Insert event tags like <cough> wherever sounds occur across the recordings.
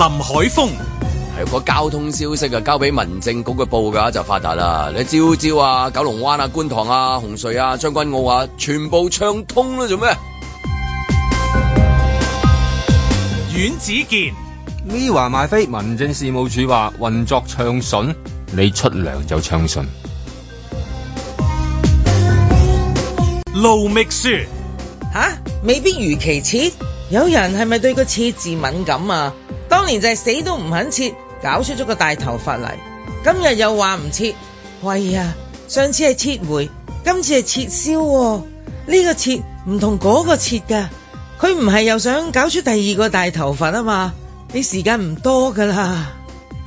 林海峰係個交通消息啊，交俾民政局嘅報噶就發達啦！你朝朝啊，九龍灣啊，觀塘啊，紅隧啊，將軍澳啊，全部暢通啦，啊，做咩？阮子健咪話買飛，民政事務署話運作暢順，你出糧就暢順。路覓舒吓，未必如其切，有人係咪對個切字敏感啊？當年就係死都唔肯切，搞出咗個大頭髮嚟。今日又話唔切，喂呀！上次係撤回，今次係撤銷喎。呢個切唔同嗰個切噶，佢唔係又想搞出第二個大頭髮啊嘛？你時間唔多噶啦，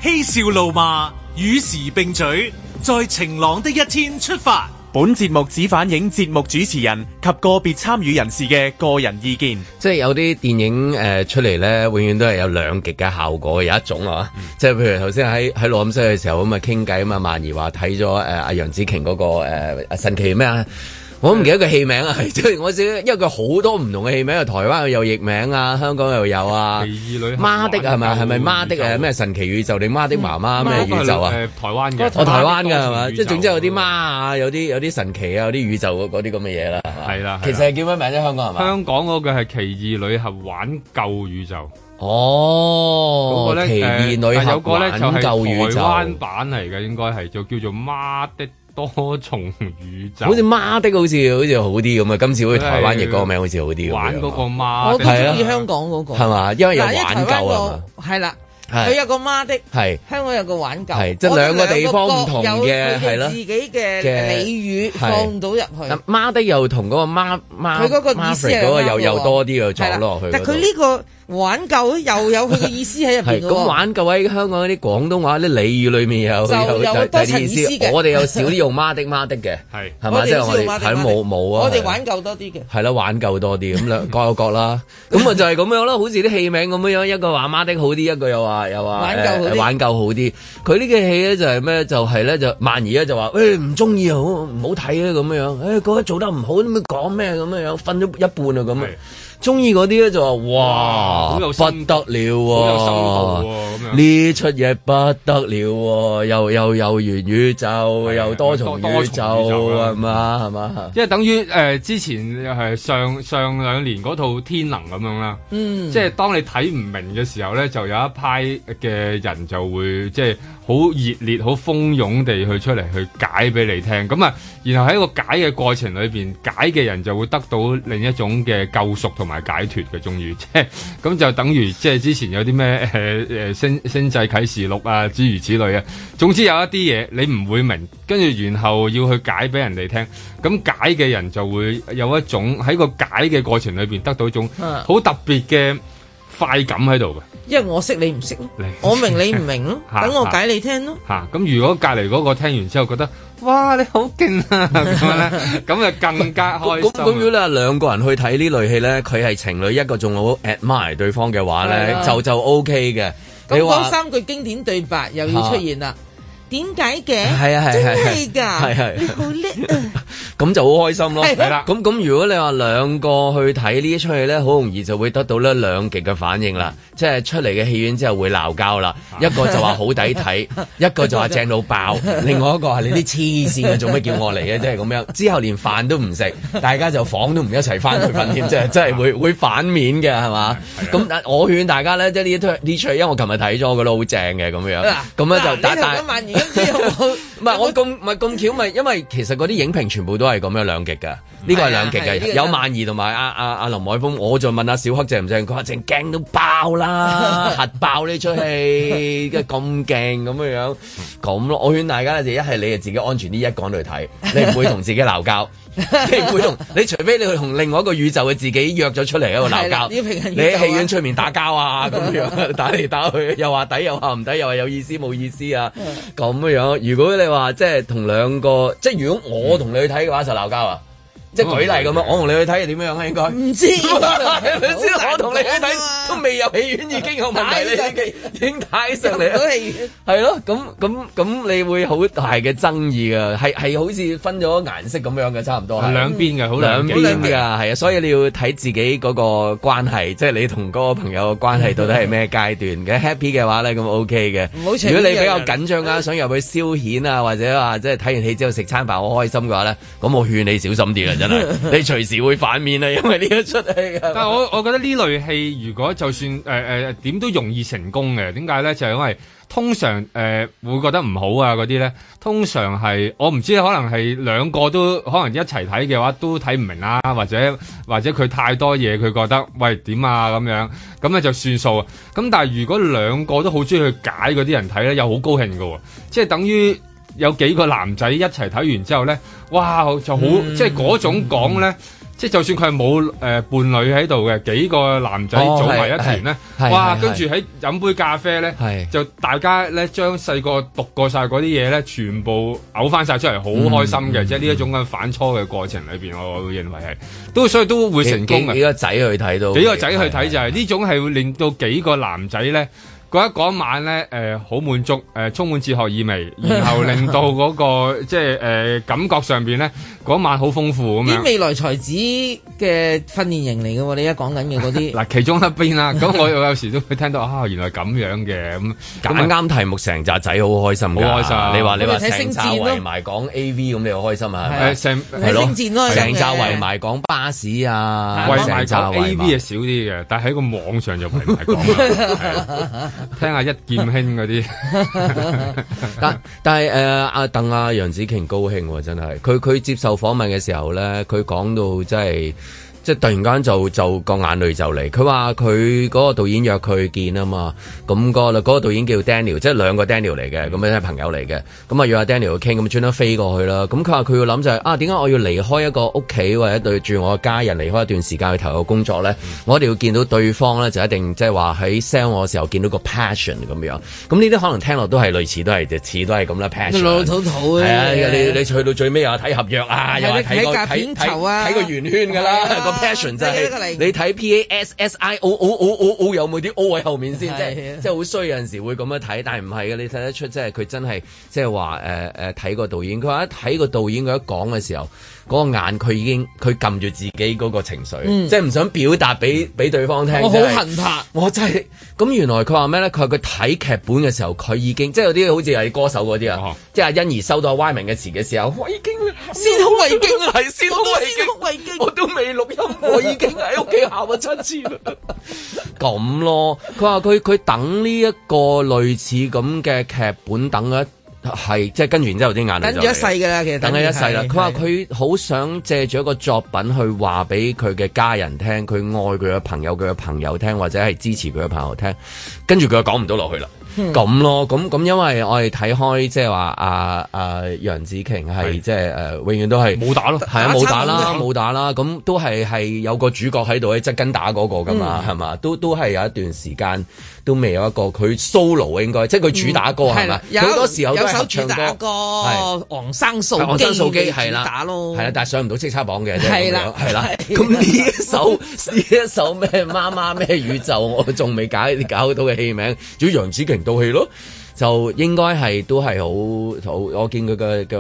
嬉笑怒罵與時並舉，在晴朗的一天出發。本節目只反映節目主持人及個別參與人士嘅個人意見，即係有啲電影誒、呃、出嚟咧，永遠都係有兩極嘅效果嘅，有一種啊，嗯、即係譬如頭先喺喺錄音室嘅時候咁啊傾偈啊嘛，萬怡話睇咗誒阿楊紫瓊嗰個誒、呃、神奇咩啊？我唔記得個戲名啊，即係我知，因為佢好多唔同嘅戲名，台灣又有譯名啊，香港又有啊。奇異女？媽的係咪係咪媽的啊？咩神奇宇宙你媽的媽媽咩宇宙啊？台灣嘅我台灣嘅係嘛？即係總之有啲媽啊，有啲有啲神奇啊，有啲宇宙嗰嗰啲咁嘅嘢啦。係啦，其實係叫咩名呢？香港係嘛？香港嗰句係奇異女俠玩救宇宙。哦，奇異女俠玩救宇宙版嚟嘅，應該係就叫做媽的。多重宇宙，好似媽的，好似好似好啲咁啊！今次好似台灣嘅歌名好似好啲咁啊，玩嗰個媽，我中意香港嗰個，係嘛？因為有玩夠啊嘛，係啦。佢有個媽的，係香港有個玩救，係即兩個地方唔同嘅，係自己嘅俚語放到入去。媽的又同嗰個媽媽，佢嗰個意思係咩又又多啲又做落去。但佢呢個玩救又有佢嘅意思喺入邊。咁玩救喺香港啲廣東話啲俚語裡面又有多啲意思。我哋有少啲用媽的媽的嘅，係係咪？即係我哋冇冇啊？我哋玩救多啲嘅，係咯，玩救多啲咁兩各有各啦。咁啊就係咁樣啦，好似啲戲名咁樣，一個話媽的好啲，一個又話。係又話玩夠好啲，佢呢嘅戲呢，就係咩？就係呢，就萬兒咧就話誒唔鍾意好唔好睇咧咁樣，誒覺得做得唔好，咁樣講咩咁樣，瞓咗一半啊咁樣。中意嗰啲咧就話哇，不得了喎，啊，呢出嘢不得了喎，啊，又又又元宇宙，的又多重宇宙係嘛係嘛，即係等於、呃、之前係上上兩年嗰套天能咁樣啦，嗯，即係當你睇唔明嘅時候咧，就有一派嘅人就會即係。好熱烈、好蜂擁地去出嚟去解俾你聽，咁啊，然後喺個解嘅過程裏邊，解嘅人就會得到另一種嘅救贖同埋解脫嘅終於，即係咁，就等於即係之前有啲咩誒、誒、星星際啟示錄啊，諸如此類啊。總之有一啲嘢你唔會明，跟住然後要去解俾人哋聽，咁解嘅人就會有一種喺個解嘅過程裏邊得到一種好特別嘅快感喺度嘅。因為我識你唔識咯，你我明你唔明咯，等 <laughs> 我解你聽咯。吓，咁 <laughs> 如果隔籬嗰個聽完之後覺得，哇，你好勁啊咁 <laughs> 樣咧，咁啊更加開心。咁咁 <laughs> 如果你係兩個人去睇呢類戲咧，佢係情侶一個仲好 admire 對方嘅話咧的，就就 O K 嘅。咁講說三句經典對白又要出現啦。 <laughs> 點解嘅？係啊係啊係啊！係啊係啊！好叻，咁就好開心咯，係啦。咁咁，如果你話兩個去睇呢一齣戲咧，好容易就會得到呢兩極嘅反應啦。即係出嚟嘅戲院之後會鬧交啦。一個就話好抵睇，一個就話正到爆。另外一個係你啲黐線嘅，做咩叫我嚟嘅？即係咁樣。之後連飯都唔食，大家就房都唔一齊翻去瞓添，即係真係會會反面嘅係嘛？咁我勸大家咧，即係呢出呢出戲，因為我琴日睇咗，我覺得好正嘅咁樣。咁咧就唔係 <laughs> <laughs> 我咁唔係咁巧，咪因為其實嗰啲影評全部都係咁樣兩極嘅，呢個係兩極嘅，啊、有萬兒同埋阿阿阿林海峰。我就問阿、啊、小黑正唔正？佢話正，驚到爆啦，核爆呢出戲，咁勁咁樣，咁咯，我勸大家，一係你就自己安全啲，一講到去睇，你唔會同自己鬧交。 <laughs> 即係普通，你除非你去同另外一個宇宙嘅自己約咗出嚟，喺度鬧交，啊、你喺戲院出面打交啊咁 <laughs> 樣打嚟打去，又話抵又話唔抵，又話有意思冇意思啊咁的樣。如果你話即係同兩個，即係如果我同你去睇嘅話就鬧交啊。即係舉例咁樣我同你去睇係點樣應該唔知，唔知 <laughs> 我同你去睇都未入戲院已經有問題 <laughs> 了已影太上嚟，係咯？咁咁咁你會好大嘅爭議㗎，係係好似分咗顏色咁樣嘅，差唔多係兩邊嘅，好兩邊嘅係啊，的所以你要睇自己嗰個關係，即係你同嗰個朋友嘅關係到底係咩階段嘅 <laughs> ？Happy 嘅話咧，咁 OK 嘅。好如果你比較緊張啊，人想入去消遣啊，或者話即係睇完戲之後食餐飯好開心嘅話咧，咁我勸你小心啲啦。 <laughs> 你隨時會反面啊，因為呢一出戲但係我我覺得呢類戲如果就算誒誒點都容易成功嘅，點解咧？就係、是、因為通常誒、呃、會覺得唔好啊嗰啲咧，通常係我唔知可能係兩個都可能一齊睇嘅話都睇唔明啦、啊，或者或者佢太多嘢，佢覺得喂點啊咁樣，咁咧就算數啊。咁但係如果兩個都好中意去解嗰啲人睇咧，又好高興㗎喎、啊，即係等於。有幾個男仔一齊睇完之後咧，哇就好即係嗰種講咧，即係就算佢係冇誒伴侶喺度嘅幾個男仔組埋一團咧，哇！跟住喺飲杯咖啡咧，就大家咧將細個讀過曬嗰啲嘢咧，全部嘔翻曬出嚟，好開心嘅。即係呢一種嘅反初嘅過程裏邊，我會認為係都所以都會成功嘅。幾個仔去睇到幾個仔去睇就係呢種係會令到幾個男仔咧。嗰一嗰晚咧，誒，好滿足，誒、呃、充滿哲學意味，然後令到嗰、嗰個即係誒感覺上邊咧。嗰晚好豐富咁樣啲未來才子嘅訓練營嚟嘅喎，你而家講緊嘅嗰啲嗱，其中一邊啦，咁我有時都會聽到啊，原來咁樣嘅咁咁啱題目，成扎仔好開心，好開心啊！你話你話成扎圍埋講 A V 咁，你好開心啊？成星戰成扎圍埋講巴士啊，圍埋 A V 少啲嘅，但係喺個網上就唔係講，聽下一劍興嗰啲，但但係誒阿鄧啊、楊紫瓊高興喎，真係佢佢接受。訪問嘅時候咧，佢講到真係。即係突然間就就個眼淚就嚟，佢話佢嗰個導演約佢見啊嘛，咁、那個啦嗰、那個導演嗰個導演叫 Daniel，即係兩個 Daniel 嚟嘅，咁樣係朋友嚟嘅，咁啊約阿 Daniel 去傾，咁專登飛過去啦。咁佢話佢要諗就係、是、啊，點解我要離開一個屋企或者對住我家人離開一段時間去投個工作咧？嗯、我一定要見到對方咧，就一定即係話喺 sell 我嘅時候見到個 passion 咁樣。咁呢啲可能聽落都係類似，都係似都係咁啦。passion、老老土土嘅嘢、啊、你去到最尾又睇合約啊，啊又話睇個睇個圓圈㗎啦。 <laughs> Passion、啊、就係你睇 P A S S I O O o, o, o 有冇啲 O 喺後面先，即係即係好衰。有陣時會咁樣睇，但係唔係嘅，你睇得出即係佢真係即係話誒誒睇個導演。佢話一睇個導演佢一講嘅時候。嗰個眼佢已經佢撳住自己嗰個情緒，嗯、即係唔想表達俾俾對方聽。嗯、是我好恨他，我真係咁。原來佢話咩咧？佢話佢睇劇本嘅時候，佢已經即係有啲好似係歌手嗰啲啊。嗯、哼即係阿欣怡收到 Wyman 嘅詞嘅時候，已經先好為敬，已經係也先好為敬，已經我都未錄音，我已經喺屋企喊咗七次咁 <laughs> 咯，佢話佢佢等呢一個類似咁嘅劇本等一係，即係跟住，就是，然之後啲眼淚等咗一世噶啦，其實等咗一世啦。佢話佢好想借住一個作品去話俾佢嘅家人聽，佢的愛佢嘅朋友，佢嘅朋友聽，或者係支持佢嘅朋友聽。跟住佢又講唔到落去啦，咁、嗯、咯，咁咁，因為我哋睇開，即係話啊啊楊紫瓊係即係誒，永遠都係冇打咯，係啊，冇、啊、的打啦，冇打啦，咁都係係有個主角喺度喺側跟打嗰個噶嘛，係嘛，嗯，都都係有一段時間。都未有一個佢 solo 應該，即係佢主打歌係嘛？好多時候都係唱歌，係昂生素機係啦，打咯係，啦，但係上唔到叱咤榜嘅係啦係啦。咁呢一首呢一首咩媽媽咩宇宙，我仲未搞到嘅戲名，仲要楊紫瓊到戲咯。就應該係都係好好，我見佢嘅、那個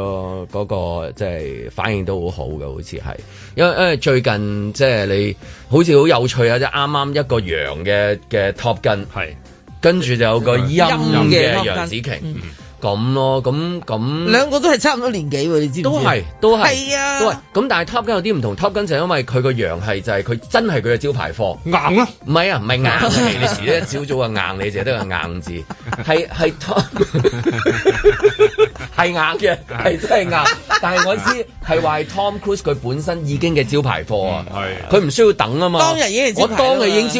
嗰、那個即係、就是、反應都好好嘅，好似係，因為因為最近即係你，好似好有趣啊是！即係啱啱一個陽嘅嘅 Top Gun，係跟住就有個陰嘅楊子晴。咁咯，咁咁，兩個都係差唔多年紀喎，你知唔知？都係，是啊、都係，係啊，喂，咁但係 top 跟有啲唔同，top 跟就係因為佢個樣係就係佢真係佢嘅招牌貨，硬啊唔係啊，唔係硬， <laughs> 硬你嘅事咧，朝早啊硬你，就得個硬字，係係 top。 <laughs> <laughs> 係硬嘅，係真係硬。 <laughs> 但係我知係話 Tom Cruise 佢本身已經嘅招牌貨啊，佢唔、嗯、需要等啊嘛。當日已經招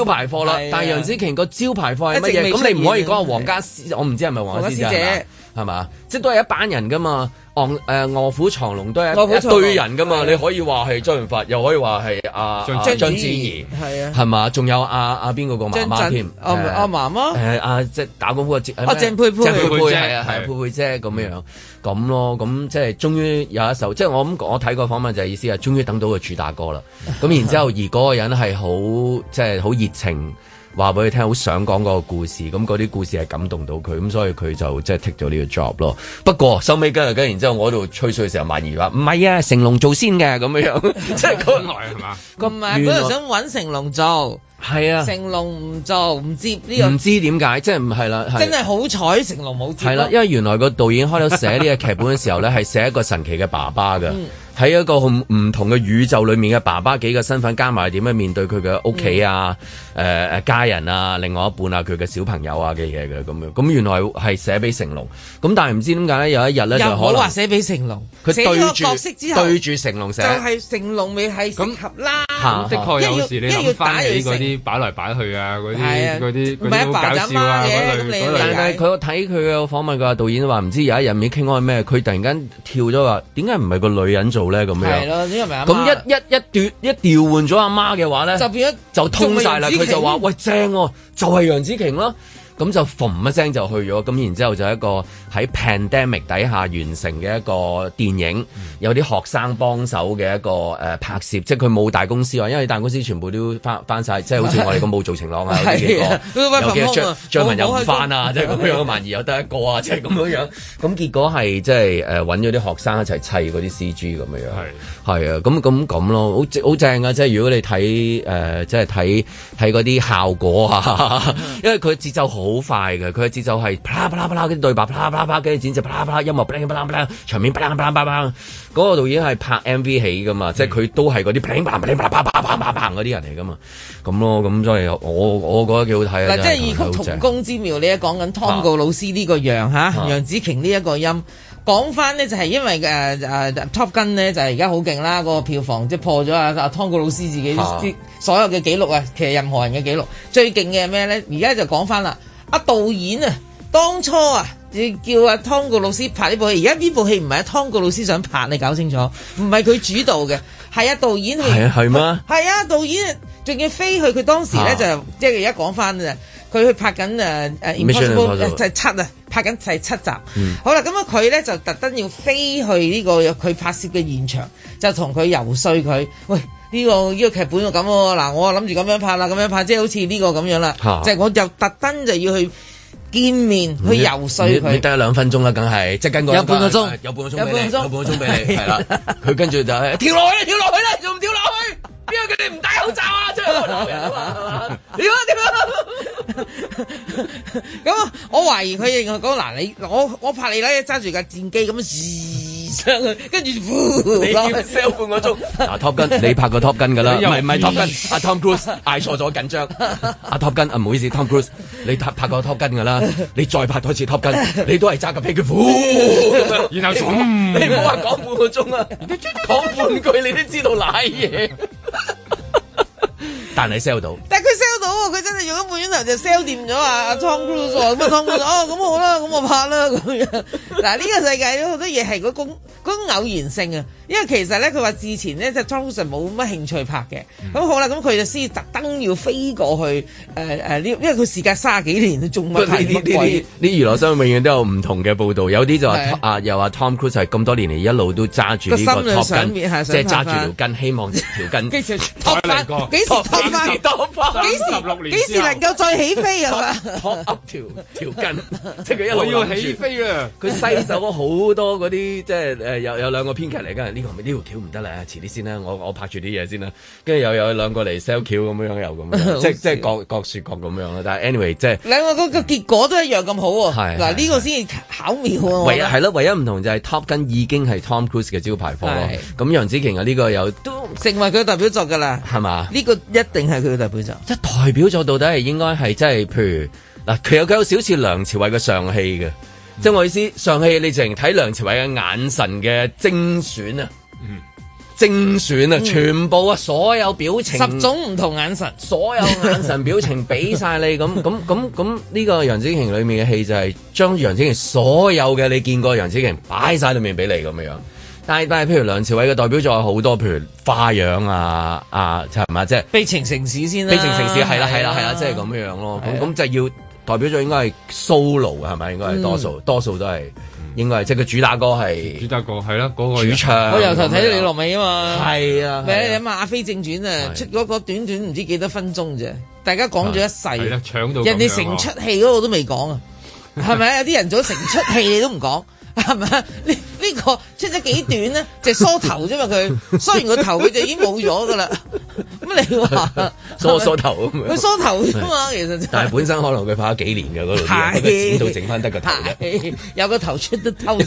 牌貨啦，但係楊紫瓊個招牌貨係乜嘢？咁的你唔可以講話王家，的我唔知係咪王，王家師姐係嘛？即係都係一班人噶嘛。卧誒卧虎藏龍都係一堆人㗎嘛，你可以話係周潤發，又可以話係阿章章子怡，係啊，仲有阿阿邊個個媽媽添？阿媽媽誒阿即係打嗰個節啊，阿鄭佩佩，佩佩姐，佩佩姐咁樣咁咯，咁即係終於有一首，即係我諗我睇過訪問就係意思係，終於等到個主打歌啦。咁然之後，而嗰個人係好即係好熱情。話俾佢聽，好想講嗰個故事，咁嗰啲故事係感動到佢，咁所以佢就即係 take 咗呢個 job 咯。不過收尾跟啊跟，然之後我喺度吹水嘅時候，萬而話唔係啊，成龍做先嘅咁樣樣， <laughs> 即係、那個、 <laughs> 原來係嘛？原來本來想搵成龍做，係啊，成龍唔做唔接呢、呢個，唔知點解，即係唔係啦，真係好彩成龍冇接。係啦、啊，因為原來個導演開咗寫呢個劇本嘅時候咧，係寫 <laughs> 一個神奇嘅爸爸嘅。嗯喺一個唔同嘅宇宙裏面嘅爸爸幾個身份加埋，點樣面對佢嘅屋企啊、誒誒、嗯嗯啊、家人啊、另外一半啊、佢嘅小朋友啊嘅嘢嘅咁樣，咁原來係寫俾成龍，咁但係唔知點解有一日咧就可能又冇話寫俾成龍，佢對住角色之後對住成龍寫，就係成龍未係咁合啦。的確有時你要翻俾嗰啲擺來擺去啊，啊，嗰啲嗰啲好搞笑啊，但係佢睇佢嘅訪問，佢導演話唔知有一日傾開咩，佢突然間跳咗話，點解唔係個女人做？咧咁樣，咁一一一,一調一調換咗阿媽嘅話咧，就變一就通晒啦。佢就話：「喂，正喎，啊，就係楊紫瓊咯。」咁就嘣一聲就去咗，咁然之後就一個喺 pandemic 底下完成嘅一個電影，有啲學生幫手嘅一個誒、呃、拍攝，即係佢冇大公司啊，因為大公司全部都翻翻晒，即係好似我哋咁冇做情侶啊，有幾張張文又翻啊，即咁樣，萬二又得一個啊，即係咁樣樣，咁 <laughs> 結果係即係誒揾咗啲學生一齊砌嗰啲 C G 咁的的樣係啊，咁咁咁咯，好好正啊。即係如果你睇誒、呃、即係睇睇嗰啲效果啊， <laughs> 因為佢節奏好。好快嘅，佢嘅節奏係啪啦啪啦啪啦，跟住對白啪啦啪啦啪，剪接啪啦啪啦，音樂啪啪啪，場面啪啦啪啦啪啦，嗰個導演係拍 MV 起噶嘛，即係佢都係嗰啲啪啦啪啦啪啦啪啦啪啦啪啦嗰啲人嚟噶嘛，咁咯，咁所以我我覺得幾好睇嗱，即係異曲同工之妙，你一講緊湯告老師呢個樣，楊紫瓊呢一個音，講翻呢就係因為 Top Gun 呢就係而家好勁啦，嗰個票房即破咗啊！湯告老師自己所有嘅記錄啊，其實任何人嘅記錄最勁嘅係咩咧？而家就講翻啦。.啊，導演啊，當初啊，叫阿湯告老師拍呢部戲，而家呢部戲唔係阿湯告老師想拍，你搞清楚，唔係佢主導嘅，係啊導演去，係啊係咩？係啊，啊導演仲要飛去，佢當時咧就即係而家講翻啦，佢去拍緊誒誒《Mission Impossible》就係七啊，就拍緊係 Impossible、呃、七,七集，嗯、好啦，咁啊佢咧就特登要飛去呢個佢拍攝嘅現場，就同佢游說佢，喂。呢、這個呢、這個劇本就咁喎，嗱、啊、我諗住咁樣拍啦，咁樣拍即係好似呢個咁樣啦，即係、啊、我又特登就要去見面去遊説佢，得兩分鐘啦，梗係即係跟有半、那個鐘有半個鐘俾你，有半個鐘俾你，係啦半，佢 <laughs> 跟住就係、跳落去啦，跳落去啦，仲唔跳落去？邊個佢哋唔戴口罩啊？真係點啊點啊！咁我懷疑佢認為講嗱你我我拍你咧揸住架戰機咁。跟住，你要 sell 半個鐘。嗱，Top Gun，你拍過 Top Gun 噶啦，唔係唔係 Top Gun？阿 Tom Cruise 嗌錯咗，緊張。阿 Top Gun，阿唔好意思，Tom Cruise，你拍拍過 Top Gun 噶啦，你再拍多次 Top Gun，你都係揸緊皮褲咁樣。然後你唔好話講半個鐘啊，講半句你都知道瀨嘢。但係 sell 到，但佢 sell。佢、哦、真係用咗半鐘頭就 sell 掂咗啊！Tom Cruise 咁、嗯、啊，Tom Cruise 哦，咁、啊、好啦，咁我拍啦咁樣。嗱、啊，呢、這個世界有好多嘢係嗰種偶然性啊，因為其實咧佢話之前咧就 Tom Cruise 冇乜興趣拍嘅，咁、嗯、好啦，咁佢就先特登要飛過去誒誒、呃，因為佢時間卅幾年都做乜拍乜鬼？啲娛樂新聞永遠都有唔同嘅報道，有啲就話啊，啊，又話 Tom Cruise 咁多年嚟，一路都揸住呢個 Top Gun，即係揸住條根，希望條根幾時拓翻？幾時拓翻？幾巾時幾時能夠再起飛啊？托 Up 條條筋，即佢一路要起飛啊！佢 w 手咗好多嗰啲，即係誒有有兩個編劇嚟緊，呢個呢條橋唔得啦，遲啲先啦，我我拍住啲嘢先啦，跟住又有兩個嚟 sell 橋咁樣又咁，即即係各各説各咁樣啦。但係 anyway，即係兩個個結果都一樣咁好喎。嗱呢個先巧妙啊！唯一係咯，唯一唔同就係 Top 筋已經係 Tom Cruise 嘅招牌貨啦。咁楊紫瓊啊，呢個有。成為佢嘅代表作噶啦，係嘛吧？呢個一定係佢嘅代表作。即係代表作到底係應該係即係，譬如嗱，佢有佢有少少似梁朝偉嘅上戲嘅，嗯、即係我意思，上戲你淨睇梁朝偉嘅眼神嘅精選啊，嗯、精選啊，嗯、全部啊，所有表情，十種唔同眼神，所有眼神表情俾晒你咁咁咁咁，呢 <laughs> 個楊紫瓊裏面嘅戲就係將楊紫瓊所有嘅你見過楊紫瓊擺晒裏面俾你咁嘅樣。但但係，譬如梁朝偉嘅代表作好多，譬如花樣啊啊，係咪即係？悲情城市先啦，悲情城市係啦係啦係啦，即係咁樣樣咯。咁咁就要代表作應該係 solo 嘅係咪？應該係多數，多數都係應該，即係佢主打歌係。主打歌係啦，嗰個主唱。我由頭睇到你落尾啊嘛，係啊。你諗下阿飛正傳啊，出嗰個短短唔知幾多分鐘啫，大家講咗一世，搶到人哋成出戲嗰個都未講啊，係咪？有啲人做成出戲你都唔講，係咪？呢個出咗幾短咧，就梳頭啫嘛，佢梳完個頭佢就已經冇咗噶啦，咁你話梳梳頭咁佢梳頭啫嘛其實，但係本身可能佢拍咗幾年嘅嗰度嘢，剪到整翻得個頭，有個頭出得偷。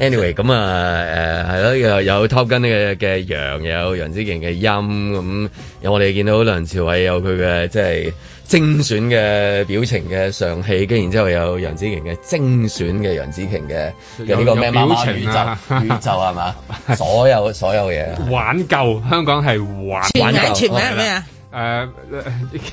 anyway 咁啊誒係咯又又偷跟嘅嘅羊有楊紫瓊嘅音咁，有我哋見到梁朝偉有佢嘅即係。精選嘅表情嘅上戲，跟然之後有楊紫瓊嘅精選嘅楊紫瓊嘅嘅呢個咩表情宇宙 <laughs> 宇宙係嘛？所有所有嘢，挽救香港係玩玩。全名全救名係咩啊？哦誒、呃、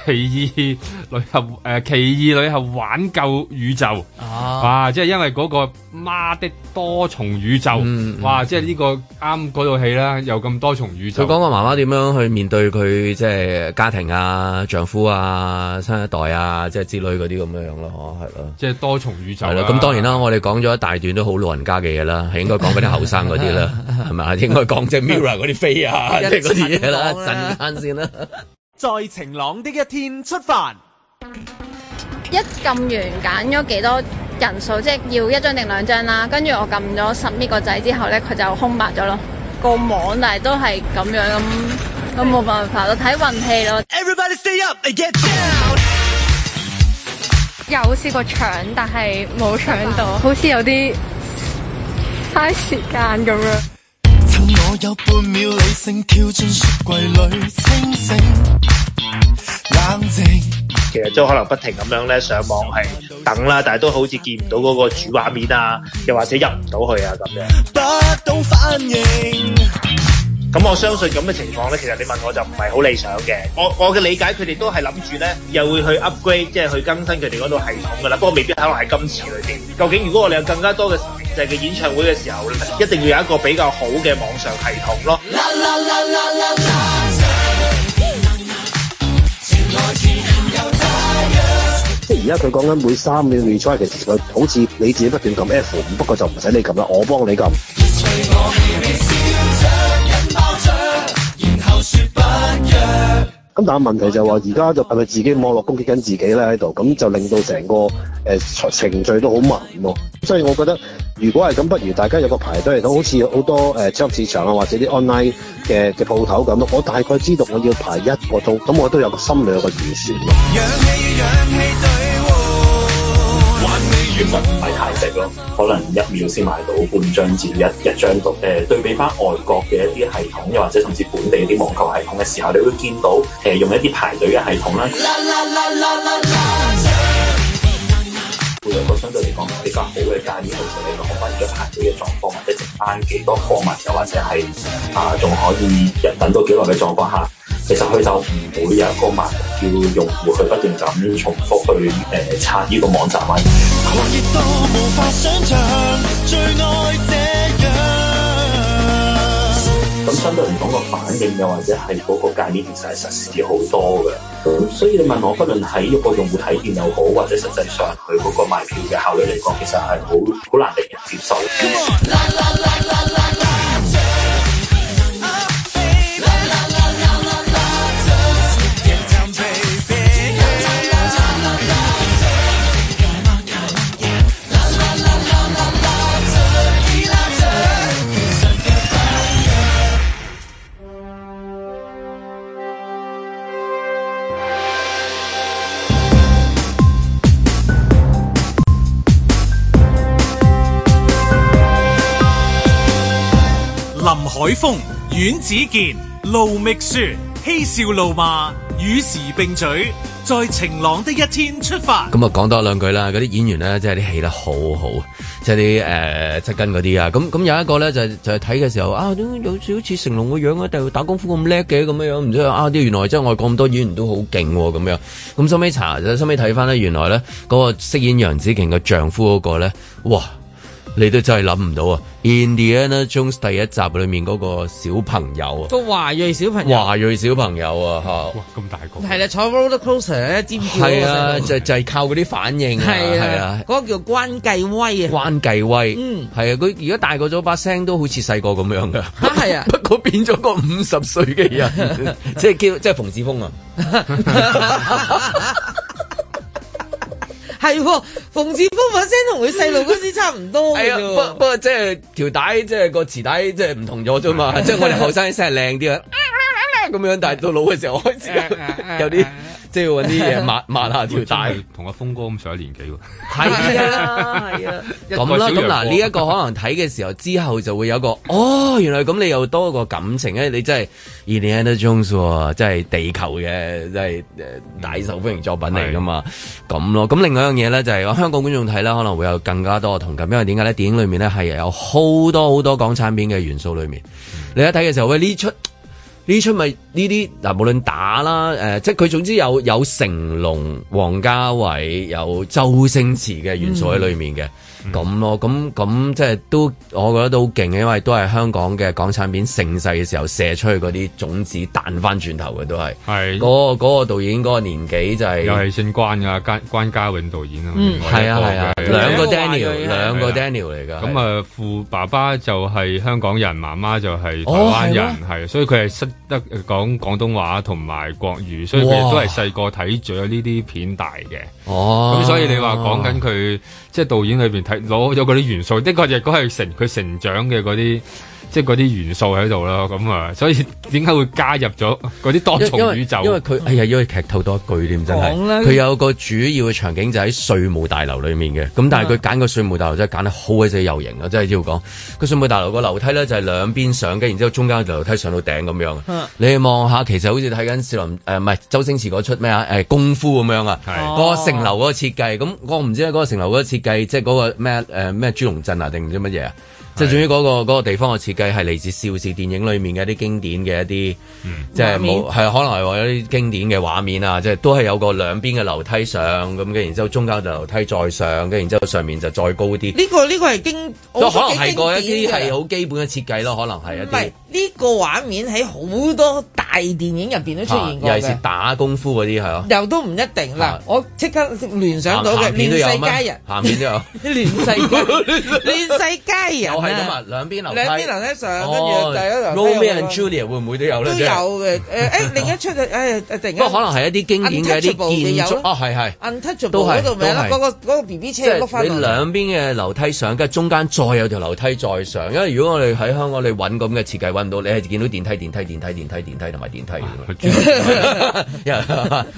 奇異女俠、呃，奇異女俠玩救宇宙，哇、啊啊！即係因為嗰個媽的多重宇宙，嗯嗯、哇！即係，這個嗯，呢個啱嗰套戲啦，又咁多重宇宙。佢講個媽媽點樣去面對佢即係，家庭啊，丈夫啊，新一代啊，即係之類嗰啲咁樣樣咯，咯，啊。是即係多重宇宙。係啦，咁當然啦，我哋講咗一大段都好老人家嘅嘢啦，係應該講嗰啲後生嗰啲啦，係咪啊？應該講即係 MIRROR 嗰啲飛啊，即係嗰啲嘢啦。一陣間先啦。 <laughs> 在晴朗的一天出發，一撳完揀咗幾多人數，即係要一張定兩張啦。跟住我撳咗十呢個仔之後咧，佢就空白咗咯，個網，但係都係咁樣咁，都冇辦法咯，睇運氣咯。Everybody stay up and get down。有試過搶，但係冇搶到，發好似有啲嘥時間咁樣。我有半秒理性跳進雪櫃裏，清醒，冷靜，其實都可能不停咁樣咧，上網係等啦，但係都好似見唔到嗰個主畫面啊，又或者入唔到去啊咁樣。不咁我相信咁嘅情況咧，其實你問我就唔係好理想嘅。我我嘅理解，佢哋都係諗住咧，又會去 upgrade，即係去更新佢哋嗰套系統噶啦。不過未必可能喺今次裏邊。究竟如果我哋有更加多嘅實名制嘅演唱會嘅時候咧，一定要有一個比較好嘅網上系統咯。即係而家佢講緊每三秒 recharge，其實佢好似你自己不斷撳 F，不過就唔使你撳啦，我幫你撳。咁但係問題就係話而家就係咪自己網絡攻擊緊自己咧喺度，咁就令到成個誒程序，都好慢咯。所以我覺得如果係咁，不如大家有個排隊系統，好似好多誒超級市場啊或者啲 online 嘅嘅鋪頭咁咯。我大概知道我要排一個鐘，咁我都有個心裏有個預算。其實唔係太值咯，可能一秒先買到半張至，一一張到誒。對比翻外國嘅一啲系統，又或者甚至本地啲網球系統嘅時候，你會見到誒、呃、用一啲排隊嘅系統啦。會有個相對嚟講比較好嘅建議，一個好似你講緊嘅排隊嘅狀況，或者剩翻幾多貨物，又或者係啊，仲、呃、可以人等到幾耐嘅狀況下。其實佢就唔會有一個問題，叫用戶去不斷就咁重複去誒刷呢個網站啊。咁相對嚟講個反應，又或者係嗰個界面，其實係實時好多嘅。咁所以你問我，不論喺一個用戶體驗又好，或者實際上佢嗰個賣票嘅效率嚟講，其實係好好難令人接受。風阮子健、盧覓雪嬉笑怒罵與時並嘴，在晴朗的一天出發。咁啊，講多兩句啦，嗰啲演員呢，真係啲戲得好好，即係啲誒七根嗰啲啊。咁咁有一個呢，就係、就睇、係、嘅時候啊，有似好似成龍個樣啊，定係打功夫咁叻嘅咁樣樣，唔知啊原來即係外國咁多演員都好勁咁樣。咁收尾查，收尾睇翻呢，原來呢嗰、嗰個飾演楊紫瓊嘅丈夫嗰個呢。哇！你都真係諗唔到啊！Indiana Jones 第一集裏面嗰個小朋友，個華裔小朋友，華裔小朋友啊，吓哇咁大個係啦，坐 roller closer 咧尖叫，係啊，就就係靠嗰啲反應啊，係啊，嗰個叫關繼威啊，關繼威，嗯，係啊，佢而家大個咗，把聲都好似細個咁樣噶，啊係啊，不過變咗個五十歲嘅人，即係叫即係馮志豐啊。係，馮志峰把聲同佢細路嗰時差唔多嘅啊、 <laughs> 哎，不過即係條帶，即係個磁帶，即係唔同咗啫嘛，即係 <laughs> 我哋後生啲聲係靚啲啊，咁樣，但係到老嘅時候開始有啲。 <laughs> <laughs> 即係揾啲嘢抹抹下條，但係同阿峰哥咁上一年紀喎。係 <laughs> 啊，係啊，咁啦、啊。咁嗱， <laughs> 呢一個可能睇嘅時候之後就會有個 <laughs> 哦，原來咁你又多個感情咧。你真係《Ethan Jones》啊、真係地球嘅真係誒大受歡迎作品嚟噶嘛？咁咯、嗯。咁另外一樣嘢咧就係，是，我香港觀眾睇咧可能會有更加多嘅同感，因為點解咧？電影裡面咧係有好多好多港產片嘅元素裏面，嗯、你一睇嘅時候喂呢出。呢出咪呢啲嗱，無論打啦，誒，即係佢總之有有成龍、王家衞、有周星馳嘅元素喺裏面嘅。嗯咁咯，咁咁即係都，我覺得都好勁，因為都係香港嘅港產片盛世嘅時候射出去嗰啲種子彈翻轉頭嘅都係。係。嗰個嗰個導演嗰個年紀就係。又係姓關㗎，關關家永導演啊。係啊係啊，兩個 Daniel，兩個 Daniel 嚟㗎。咁啊，父爸爸就係香港人，媽媽就係台灣人，係，所以佢係識得講廣東話同埋國語，所以佢都係細個睇咗呢啲片大嘅。哦。咁所以你話講緊佢即係導演裏邊。係攞咗嗰啲元素，的確亦都係成佢成長嘅嗰啲。即係嗰啲元素喺度囉。咁啊，所以點解會加入咗嗰啲多重宇宙？因為因為佢哎呀，因為劇透多一句添，真係。佢呢有個主要嘅場景就喺稅務大樓裏面嘅。咁但係佢揀個稅務大樓真係揀得好鬼死有型啊！我真係要講，個稅務大樓個樓梯咧就係兩邊上嘅，然之後中間個樓梯上到頂咁樣。 <laughs> 你望下其實好似睇緊少林誒唔係周星馳嗰出咩啊？欸功夫咁樣啊，是個城樓嗰個設計咁，我唔知咧嗰個城樓嗰個設計即係嗰個咩誒咩豬龍鎮啊定唔知乜嘢啊？即係總之嗰個地方嘅設計係嚟自邵氏電影裏面嘅一啲經典嘅一啲，即係冇係可能有啲經典嘅畫面啊，即係都係有個兩邊嘅樓梯上咁嘅，然之後中間就樓梯再上，跟然之後上面就再高啲。呢個呢個係經都可能係過一啲係好基本嘅設計咯，可能係一啲。呢個畫面喺好多大電影入面都出現過，尤其是打功夫嗰啲係啊，又都唔一定。嗱，我即刻聯想到嘅亂世佳人，下面都有，亂世亂世佳人係咁啊，兩邊樓兩邊樓梯上，跟住第一樓。Roman and Julia 會唔會都有呢？都有嘅誒另一出誒誒突然間，不過可能係一啲經典嘅啲建有。啊，係係。Untouchable 嗰度咪咯，嗰個 B B 車碌翻嚟。你兩邊嘅樓梯上，跟住中間再有條樓梯再上，因為如果我哋喺香港，你揾咁嘅設計看到你係見到電梯電梯電梯電梯電梯同埋電梯，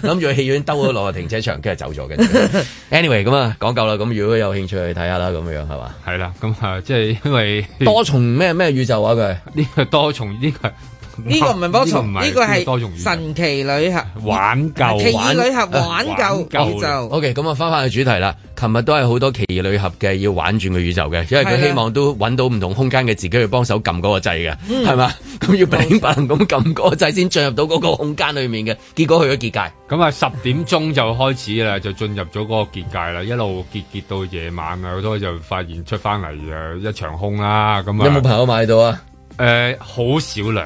諗住去戲院兜咗落去停車場，跟住走咗嘅。 <laughs> Anyway，咁啊講夠啦，咁如果有興趣去睇下啦，咁樣係嘛？係啦，咁啊、嗯，即係因為多重咩咩宇宙啊佢？呢個多重呢個。呢個唔係魔蟲，呢、啊這個係神奇女俠，玩救玩奇異女俠，玩、啊、救宇宙。O K，咁啊，翻翻去主題啦。琴日都係好多奇異女俠嘅，要玩轉個宇宙嘅，因為佢希望都揾到唔同空間嘅自己去幫手撳嗰個掣嘅，係嘛？咁要笨笨咁撳嗰個掣先進入到嗰個空間裏面嘅，結果去咗結界。咁啊，十點鐘就開始啦，就進入咗嗰個結界啦，一路結結到夜晚啊，好多就發現出翻嚟啊，一場空啦。咁啊，有冇朋友買到啊？誒、呃，好少量。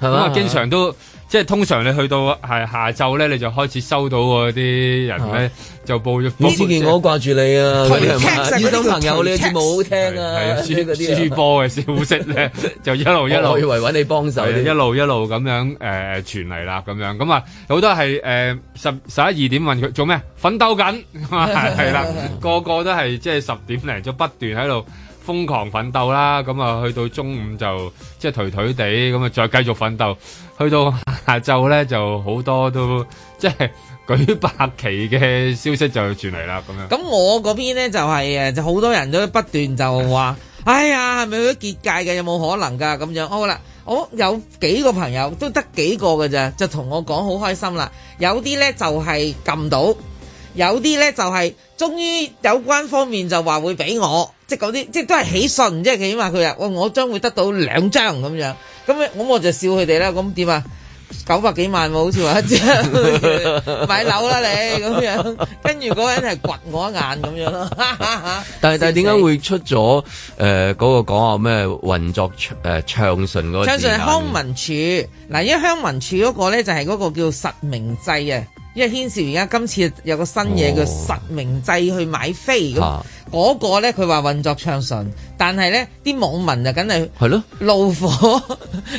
係嘛？經常都即係通常你去到係下晝咧，你就開始收到嗰啲人咧就報咗。呢見我掛住你啊！呢種朋友你冇好聽啊！輸波嘅消息咧就一路一路以為揾你幫手，一路一路咁樣誒傳嚟啦，咁樣咁啊，好多係誒十十一二點問佢做咩？奮鬥緊係啦，個個都係即係十點嚟，就不斷喺度。瘋狂奮鬥啦，咁啊去到中午就即係頹頹地，咁啊再繼續奮鬥，去到下晝咧就好多都即係舉白旗嘅消息就傳嚟啦，咁樣。咁我嗰邊咧就係誒，就好多人都不斷就話，哎呀，係咪去咗結界嘅有冇可能噶咁樣？好啦，我有幾個朋友都得幾個㗎咋，就同我講好開心啦。有啲咧就係撳到，有啲咧就係終於有關方面就話會俾我。即嗰啲，即都係喜訊啫。起碼佢話，我我將會得到兩張咁樣，咁咧，咁我就笑佢哋啦。咁點啊？九百幾萬喎，好似話一張買樓啦你咁樣，跟住嗰個人係掘我一眼咁樣咯。哈哈，但係但係點解會出咗誒嗰個講話咩運作誒暢順嗰暢順康文署嗱，因為康文署嗰個咧就係嗰個叫實名制啊，因為牽涉而家今次有個新嘢、哦、叫實名制去買飛咁，嗰、嗰個咧佢話運作暢順，但係咧啲網民就梗係係咯，怒火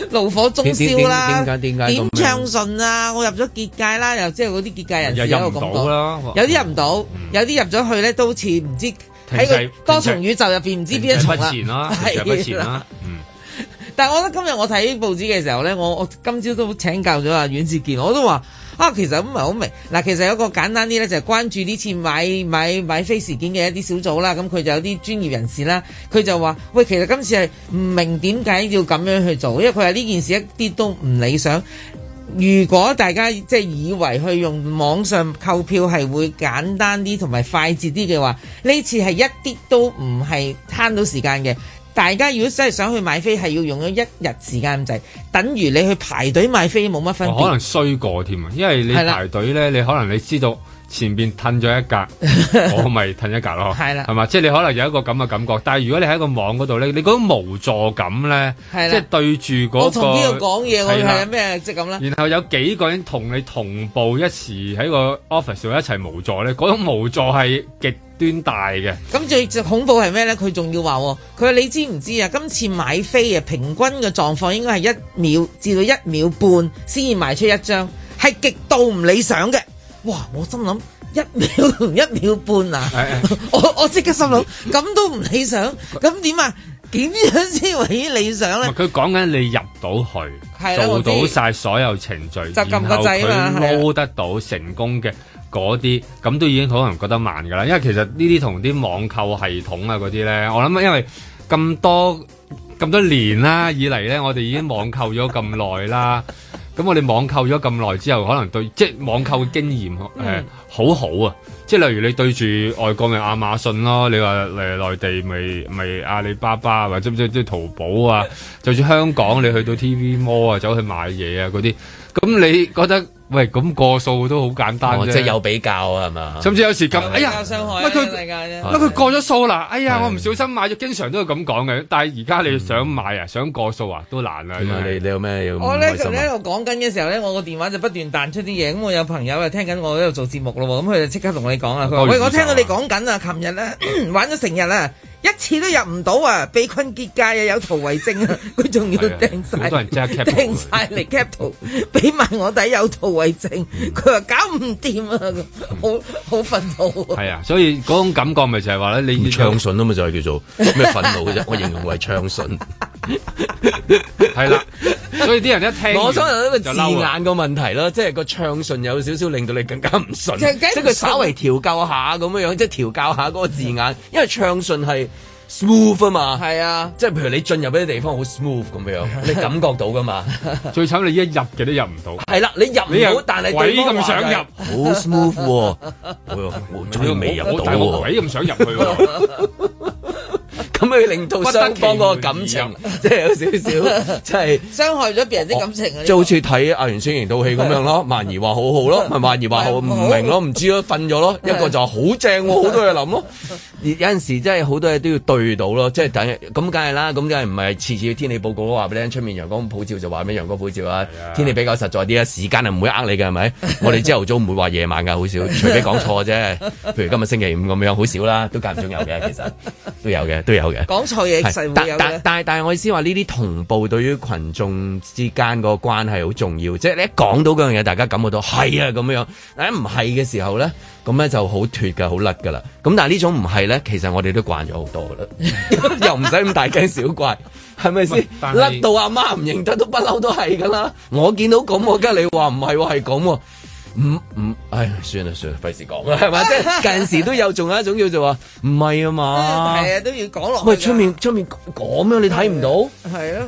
怒火中燒啦，點解點解暢順啊，我入咗結界啦，又即係嗰啲結界人士有度咁度，了了有啲入唔到，嗯、有啲入咗去咧都好似唔知喺個多重宇宙入面，唔知邊一重啦。入不前啦、啊。但係我覺得今日我睇報紙嘅時候咧，我我今朝都請教咗阿阮志健，我都話啊，其實唔係好明嗱。其實有個簡單啲咧，就係關注呢次買買買飛事件嘅一啲小組啦。咁佢就有啲專業人士啦，佢就話：喂，其實今次係唔明點解要咁樣去做，因為佢話呢件事一啲都唔理想。如果大家即係以為去用網上購票係會簡單啲同埋快捷啲嘅話，呢次係一啲都唔係慳到時間嘅。大家如果真係想去買飛，係要用咗一日時間咁滯，等於你去排隊買飛冇乜分別。可能衰過添啊，因為你排隊咧，的你可能你知道。前面褪咗一格，我咪褪一格咯。係啦， <laughs> 係嘛？即係你可能有一個咁嘅感覺。但係如果你喺個網嗰度咧，你嗰種無助感咧，的即係對住嗰、呢個講嘢，我係咩、那個？即係咁啦。就是、然後有幾個人同你同步一時喺個 office 度一齊無助咧，嗰種無助係極端大嘅。咁最恐怖係咩咧？佢仲要話，佢話你知唔知啊？今次買飛啊，平均嘅狀況應該係一秒至到一秒半先至賣出一張，係極度唔理想嘅。哇！我心諗一秒同一秒半啊的， <laughs> 我我即刻心諗，咁都唔理想，咁點啊？點樣先為理想咧？佢講緊你入到去，的做到晒所有程序，就咁個仔佢撈得到成功嘅嗰啲，咁都已經可能覺得慢噶啦。因為其實呢啲同啲網購系統啊嗰啲咧，我諗因為咁多咁多年啦，以嚟咧，我哋已經網購咗咁耐啦。 <laughs> 咁我哋網購咗咁耐之後，可能對即係網購嘅經驗、呃，好好啊！即係例如你對住外國嘅亞馬遜咯，你話誒內地咪咪阿里巴巴或者即即係淘寶啊， <laughs> 就算香港你去到 TV Mall 啊，走去買嘢啊嗰啲，咁你覺得？喂，咁過數都好簡單啫，即係有比較啊，係嘛？甚至有時咁，哎呀，乜佢過咗數啦？哎呀，我唔小心買咗，經常都係咁講嘅。但係而家你想買啊，想過數啊，都難啊。你你有咩要？我咧就喺度講緊嘅時候咧，我個電話就不斷彈出啲嘢，咁我有朋友就聽緊我喺度做節目咯，咁佢就即刻同你講啦。喂，我聽到你講緊啊，琴日咧玩咗成日啦。一次都入唔到啊！被困結界又有圖為證啊！佢仲要掟曬，好多人即刻掟晒嚟 cap 圖，俾埋我睇有圖為證。佢話、嗯、搞唔掂啊！嗯、好好憤怒，啊。係啊，所以嗰種感覺咪就係話咧，你暢順啊嘛，就係叫做咩憤怒嘅啫？我形容為暢順。係啦。所以啲人一聽，我想有一個字眼個問題咯，即係個暢順有少少令到你更加唔順，順即係佢稍微調教下咁樣即係調教下嗰個字眼，因為暢順係 smooth 啊嘛，係啊，即係譬如你進入啲地方好 smooth 咁樣，你感覺到噶嘛， <laughs> 最慘你一入嘅都入唔到，係啦， <laughs> 你入唔到，但係鬼咁想入，好 smooth 喎，仲要未入到喎，但鬼咁想入去喎。 <laughs> 咁咪令到雙方個感情即係有少少，即係傷害咗別人啲感情啊！即係好似睇阿袁宣怡套戲咁樣咯，曼怡話好，好咯，唔係曼怡話好唔明咯，唔知咯，瞓咗咯，一個就話好正，好多嘢諗咯。有陣時真係好多嘢都要對到咯，即係等，咁梗係啦，咁梗係唔係次次天氣報告都話俾你聽，出面陽光普照就話咩陽光普照啊？天氣比較實在啲啊，時間係唔會呃你嘅係咪？我哋朝頭早唔會話夜晚㗎，好少，除非講錯啫。譬如今日星期五咁樣，好少啦，都間唔中有嘅，其實都有嘅，都有。講錯嘢，是但但但係但係，我意思話呢啲同步對於群眾之間個關係好重要，即係你一講到嗰樣嘢，大家感覺到係啊咁樣，但一唔係嘅時候咧，咁咧就好脫噶，好甩噶啦。咁但係呢種唔係咧，其實我哋都慣咗好多噶啦， <laughs> 又唔使咁大驚小怪，係咪先？甩是到阿媽唔認得，都不嬲都係噶啦。我見到咁，我跟你話唔係喎，係咁喎。唔唔、嗯嗯，唉，算啦算啦，費事講啦，係咪？ <laughs> 即係近時都有，仲有一種叫做話唔係啊嘛，係啊，都要講落。喂，出面出面咁樣，你睇唔到？係啊，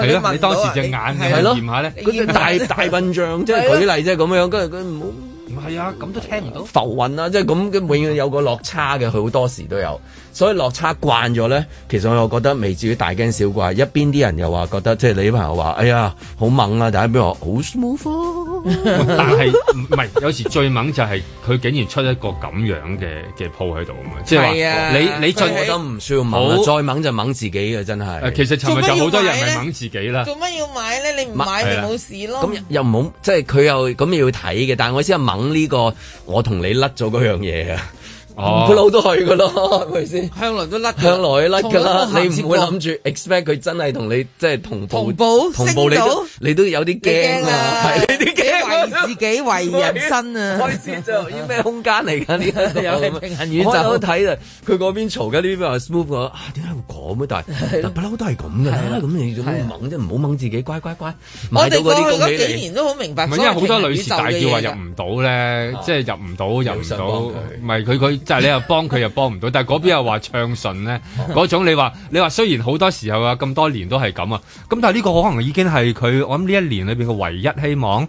係你當時隻眼係咯，驗下大大笨象，即係舉例即係咁樣跟住佢唔好。唔係啊，咁都聽唔到浮雲啦，即係咁，永遠有個落差嘅，佢好多時都有。所以落差慣咗咧，其實我覺得未至於大驚小怪。一邊啲人又話覺得，即係你啲朋友話，哎呀，好猛啊，但係邊個好 smooth？ <laughs> 但係唔係，有時最猛就係佢竟然出一個咁樣嘅嘅鋪喺度啊！即係話你你最是我都唔需要猛，好再猛就猛自己嘅真係。其實尋日就好多人係猛自己啦。做乜要買咧？你唔買就冇不事咯。咁又唔好，即係佢又咁又要睇嘅，但係我先係猛呢、這個，我同你甩咗嗰樣嘢啊！不嬲都去噶咯，係咪先？向來都甩，向來甩噶啦。你唔會諗住 expect 佢真係同你即係同步同步到，你都有啲驚啊！你懷疑自己懷疑人生啊！開始就要咩空間嚟噶？呢個又平行宇宙好睇啦。佢嗰邊嘈緊啲咩 smooth 啊？點解會講咩？但係不嬲都係咁嘅。咁你仲要猛啫？唔好掹自己，乖乖乖。我哋過去幾年都好明白，唔係因為好多女士大叫話入唔到咧，即係入唔到入唔到，唔係佢佢。 <laughs> 是就係你又幫佢又幫唔到，但係嗰邊又話唱順咧，嗰種你話你話雖然好多時候啊，咁多年都係咁啊，咁但係呢個可能已經係佢我諗呢一年裏面嘅唯一希望。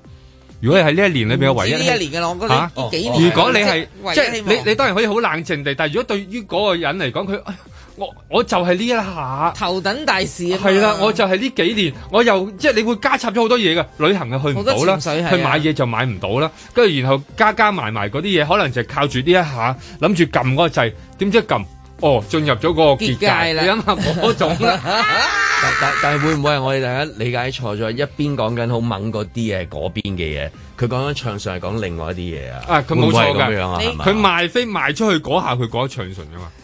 如果你係呢一年裏面嘅唯一一年嘅，我覺、啊哦、如果你係、哦、即係你你當然可以好冷靜地，但如果對於嗰個人嚟講，佢。哎我我就係呢一下頭等大事㗎嘛！係啦，我就係呢幾年，我又即係你會加插咗好多嘢㗎。旅行啊去唔到啦，去買嘢就買唔到啦，跟住的然後加加埋埋嗰啲嘢，可能就係靠住呢一下諗住撳嗰個掣，點知撳哦進入咗個個結界啦！你諗下嗰種啊！但但係會唔會係我哋大家理解錯咗？一邊講緊好猛嗰啲嘢，嗰邊嘅嘢，佢講緊暢順係講另外一啲嘢啊！啊，佢冇錯㗎，佢你嗎賣飛賣出去嗰下，佢講得暢順㗎嘛。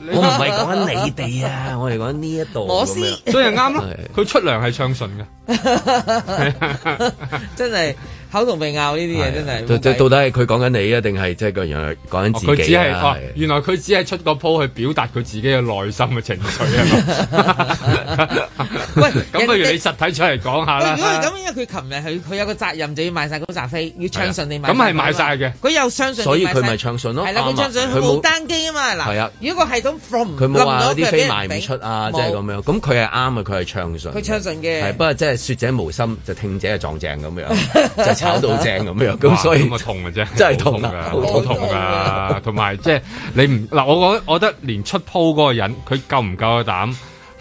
我唔係講緊你哋啊， <laughs> 我係講緊呢一度，我先斯，樣所以係啱佢是出糧係暢順嘅，真係。口同鼻拗呢啲嘢真係，到底係佢講緊你啊，定係即係原來講緊自己啦？原來佢只係出個鋪去表達佢自己嘅內心嘅情緒啊！喂，咁不如你實體出嚟講下啦。咁因為佢琴日佢佢有個責任就要賣晒嗰紮飛，要暢順你賣。咁係賣晒嘅。佢又所以佢咪暢順咯。係啦，佢暢順，佢冇單機啊嘛。嗱，如果個系統 f o 佢冇話嗰啲飛賣唔出啊，即係咁樣。咁佢係啱嘅，佢係暢順。佢暢順嘅。係，不過即係説者無心，就聽者係撞正咁樣。炒到正咁樣，咁所以咪痛嘅啫，真係痛㗎，好痛㗎！同埋即係你唔嗱，我覺得覺得連出鋪嗰個人，佢夠唔夠膽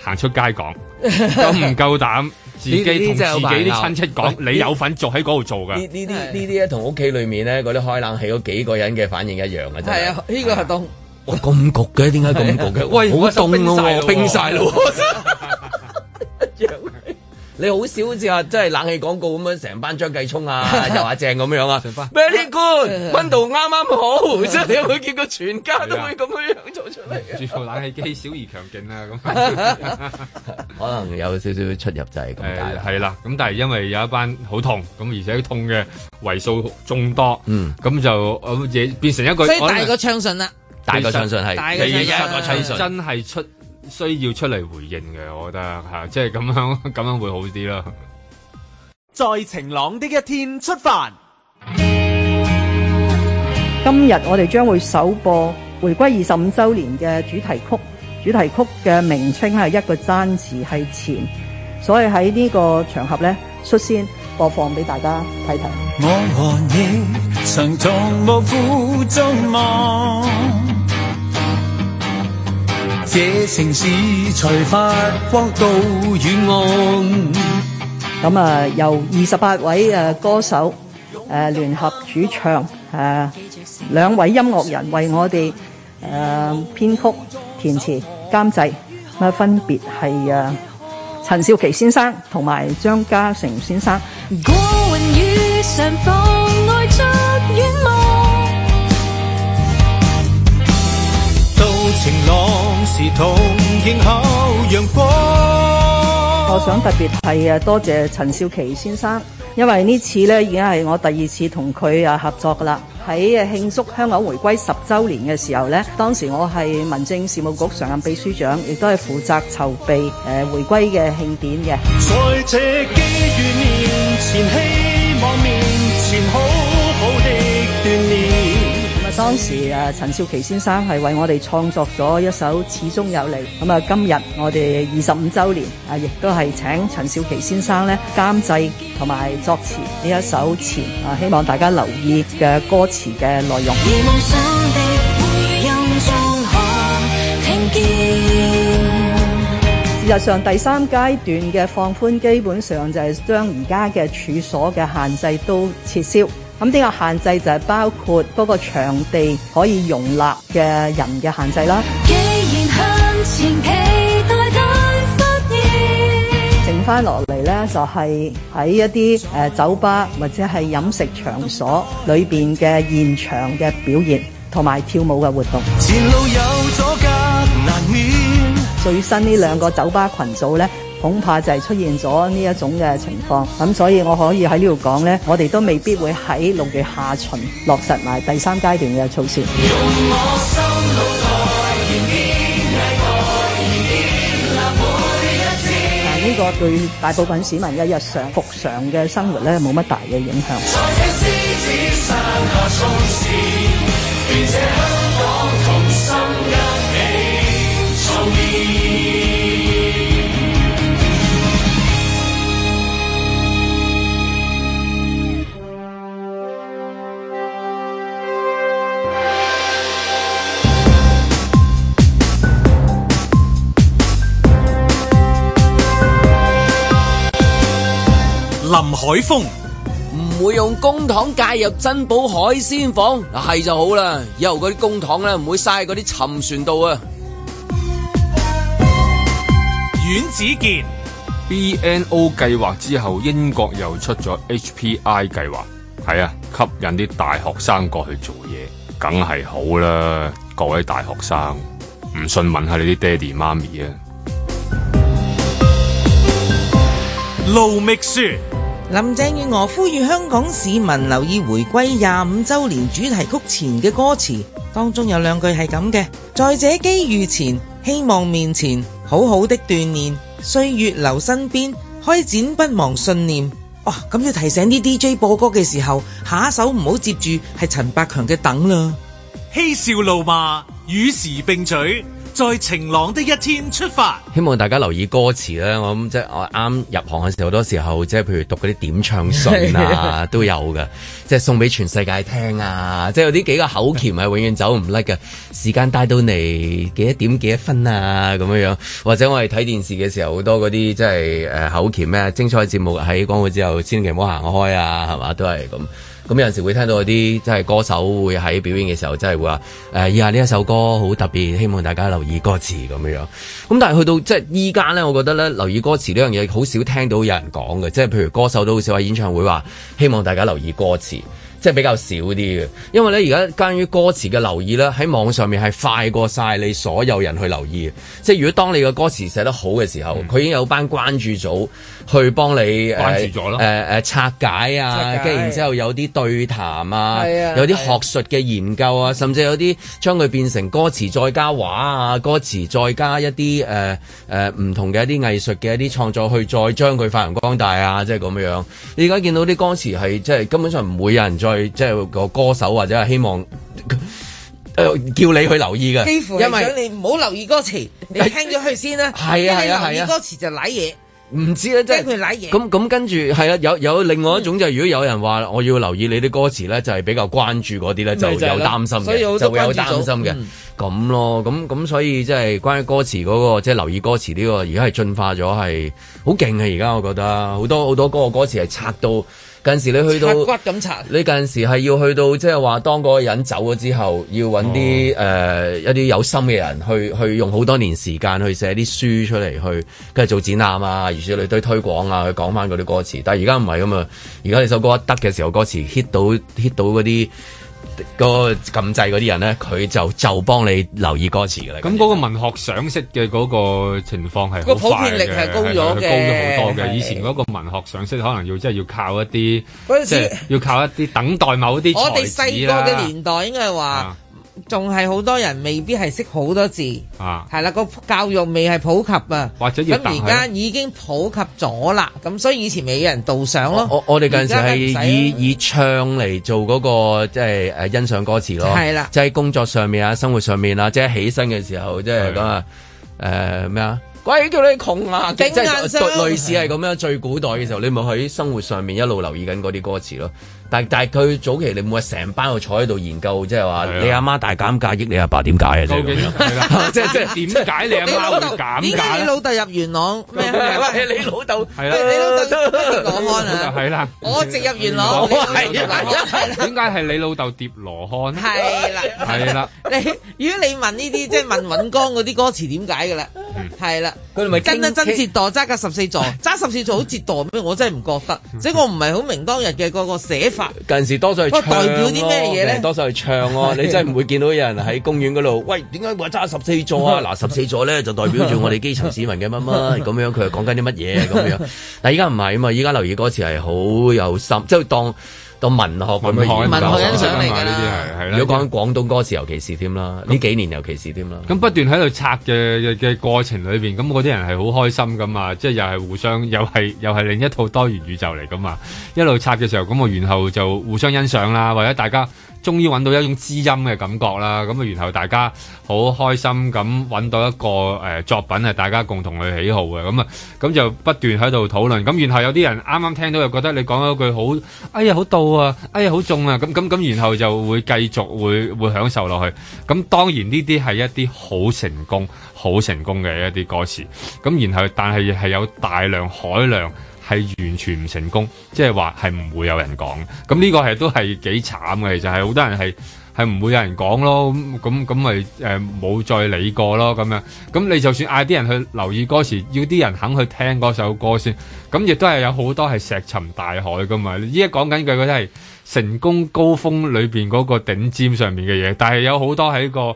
行出街講，夠唔夠膽自己同自己啲親戚講，你有份做喺嗰度做㗎？呢啲呢啲，同屋企裏面咧嗰啲開冷氣嗰幾個人嘅反應一樣嘅啫。係啊，呢個係凍，哇咁焗嘅，點解咁焗嘅？喂，好凍咯喎，冰晒咯。你好少好似話，即係冷氣廣告咁樣，成班張繼聰啊，又話正咁樣啊。 <laughs> Very good，溫度啱啱好，即係你有冇見過個全家都會咁樣做出嚟？主要 <laughs> 冷氣機小而強勁啦咁 <laughs> <laughs> 可能有少少出入就係咁解啦。係啦、 <laughs> 哎，咁但係因為有一班好痛，咁而且痛嘅為數眾多，嗯，咁就咁嘢變成一個。所以大個暢順啦，大個暢順係大個暢順真係出。需要出嚟回應嘅，我覺得吓，即係咁樣，咁樣會好啲啦。在晴朗的一天出發，今日我哋將會首播回歸二十五周年嘅主題曲，主題曲嘅名稱係一個單字，係前，所以喺呢個場合咧，率先播放俾大家睇睇。我和你曾同無負重望。這城市才發光到遠岸。咁啊，由二十八位誒、呃、歌手誒、呃、聯合主唱，誒、呃、兩位音樂人為我哋誒編曲、填詞、監製，啊、呃、分別係啊、呃、陳少琪先生同埋張家誠先生。過晴朗時同應口陽光，我想特別係啊，多謝陳少琪先生，因為呢次呢已經係我第二次同佢啊合作噶啦。喺啊慶祝香港回歸十周年嘅時候呢，當時我係民政事務局常任秘書長，亦都係負責籌備誒回歸嘅慶典嘅。當時、啊、陳少琪先生係為我哋創作咗一首《始終有你》。嗯、今日我哋二十五週年、啊、亦都係請陳少琪先生咧，監製同埋作詞呢一首詞、啊、希望大家留意嘅歌詞嘅內容。而夢想的回音總可聽見。事實上，第三階段嘅放寬，基本上就係將而家嘅處所嘅限制都撤銷。咁呢個限制就係包括嗰個場地可以容納嘅人嘅限制啦。剩返落嚟呢，就係喺一啲酒吧或者係飲食場所裏面嘅現場嘅表演同埋跳舞嘅活動。前路有阻隔難免，最新呢兩個酒吧群組呢。恐怕就係出現咗呢一種嘅情況，咁所以我可以喺呢度講呢，我哋都未必會喺六月下旬落實埋第三階段嘅措施。但呢、啊啊呢個對大部分市民一日上復常嘅生活呢，冇乜大嘅影響。海峰唔會用公帑介入珍寶海鮮舫。嗱，係就好啦，以後嗰啲公帑咧唔會嘥嗰啲沉船度啊。阮子健 B N O 計劃之後，英國又出咗 H P I 計劃，係啊，吸引啲大學生過去做嘢，梗係好啦。各位大學生，唔信問下你啲爹哋媽咪啊。盧覓雪。林鄭月娥呼籲香港市民留意回歸廿五周年主題曲前嘅歌詞，當中有兩句係咁嘅：在這機遇前，希望面前好好的鍛煉，歲月留身邊，開展不忘信念。哇！咁、哦、要提醒啲 D J 播歌嘅時候，下一首唔好接住係陳百強嘅《等》啦。嬉笑怒罵，與時並取。在晴朗的一天出發，希望大家留意歌詞啦。我諗即係我啱入行嘅時候，好多時候即係譬如讀嗰啲點唱信啊，都有㗎， <laughs> 即係送俾全世界聽啊！即係有啲幾個口鉗係永遠走唔甩嘅。時間帶到你幾多點幾多分啊？咁樣或者我哋睇電視嘅時候，好多嗰啲即係口鉗咩精彩節目喺廣告之後，千祈唔好行開啊，係嘛都係咁。咁、嗯、有陣時會聽到啲即係歌手會喺表演嘅時候，即、就、係、是、會話誒以下呢一首歌好特別，希望大家留意歌詞咁樣樣。咁但係去到即係依家呢，我覺得呢留意歌詞呢樣嘢好少聽到有人講嘅，即係譬如歌手都好少喺演唱會話希望大家留意歌詞。即係比較少啲嘅，因為咧而家關於歌詞嘅留意咧，喺網上面係快過晒你所有人去留意嘅。即係如果當你嘅歌詞寫得好嘅時候，佢、嗯、已經有班關注組去幫你誒誒、呃呃呃、拆解啊，跟住解然之後有啲對談啊，啊有啲學術嘅研究啊，啊甚至有啲將佢變成歌詞再加畫啊，嗯、歌詞再加一啲誒誒唔同嘅一啲藝術嘅一啲創作去再將佢發揚光大啊，即係咁樣，你而家見到啲歌詞係即係根本上唔會有人再。佢即係個歌手或者係希望叫你去留意嘅，幾乎父因為你唔好留意歌詞，你聽咗佢先啦。係啊係啊，聽、 <laughs> 啊啊啊啊、留意歌詞就瀨嘢，唔知啊，即係佢瀨嘢。咁咁跟住係啊，有有另外一種就係、是嗯、如果有人話我要留意你啲歌詞咧，就係比較關注嗰啲咧，就有擔心嘅、嗯那個，就有擔心嘅咁咯。咁咁所以即係關於歌詞嗰個，即係留意歌詞呢個進，而家係進化咗，係好勁啊。而家我覺得好多好多個歌嘅歌詞係拆到。嗰陣時你去到，骨你嗰陣時係要去到，即係話當嗰個人走咗之後要，要揾啲誒一啲有心嘅人去去用好多年時間去寫啲書出嚟，去跟住做展覽啊，而書裏對推廣啊，去講返嗰啲歌詞。但係而家唔係咁嘛，而家你首歌一得嘅時候，歌詞 hit 到 hit 到嗰啲。個撳掣嗰啲人咧，佢就就幫你留意歌詞啦。咁嗰個文學賞識嘅嗰個情況係個普遍力係高咗嘅，是是高咗好多嘅。是以前嗰個文學賞識可能要即係、就是、要靠一啲，即係要靠一啲等待某啲我哋細個嘅年代應該係話。仲係好多人未必係識好多字，係啦個教育未係普及啊。咁而家已經普及咗啦，咁所以以前未有人導賞咯。我我哋陣時係以以唱嚟做嗰個即係誒欣賞歌詞咯。係啦，即係工作上面啊，生活上面啊，即係起身嘅時候，即係咁啊誒咩啊，鬼叫你窮啊！即係類似係咁樣，最古代嘅時候，你咪喺生活上面一路留意緊嗰啲歌詞咯。但但係佢早期你唔會話成班喺度坐喺度研究，即係話你阿媽大減價益你阿爸點解啊？究竟即即點解你阿媽會減價？點解你老豆入元朗咩？你老豆係你老豆疊羅漢啊？係啦，我直入元朗，係點解係你老豆疊羅漢？係啦，係啦。如果你問呢啲即係問尹光嗰啲歌詞點解嘅啦，係啦，佢咪跟得真折墮揸架十四座，揸十四座好折墮咩？我真係唔覺得，即係我唔係好明當日嘅嗰個寫。近時多數係唱代表啲咩嘢咯，多數係唱哦，你真係唔會見到有人喺公園嗰度，喂，點解話揸十四座啊？嗱、 <laughs> 啊，十四座咧就代表住我哋基層市民嘅乜乜咁樣，佢係講緊啲乜嘢咁樣？但係依家唔係啊嘛，依家留意歌詞係好有心，即係當。到文學咁嘅文學欣賞嚟嘅啦。如果講緊廣東歌詞，尤其是添啦，呢那幾年尤其是添啦。咁那、嗯、不斷喺度拆嘅嘅過程裏邊，咁嗰啲人係好開心噶嘛，即係又係互相，又係又係另一套多元宇宙嚟噶嘛。一路拆嘅時候，咁我然後就互相欣賞啦，或者大家。終於揾到一種知音嘅感覺啦，咁啊，然後大家好開心咁揾到一個、呃、作品啊，係大家共同去喜好嘅，咁啊，咁就不斷喺度討論，咁然後有啲人啱啱聽到又覺得你講咗句好，哎呀好到啊，哎呀好中啊，咁咁咁，然後就會繼續會會享受落去，咁當然呢啲係一啲好成功、好成功嘅一啲歌詞，咁然後但係係有大量海量。係完全唔成功，即係話係唔會有人講，咁呢個係都係幾慘嘅，其實係好多人係係唔會有人講咯，咁咁咪誒冇再理過咯，咁樣，咁你就算嗌啲人去留意歌詞，要啲人肯去聽嗰首歌先，咁亦都係有好多係石沉大海噶嘛，依家講緊句，嗰啲係成功高峰裏邊嗰個頂尖上面嘅嘢，但係有好多喺個。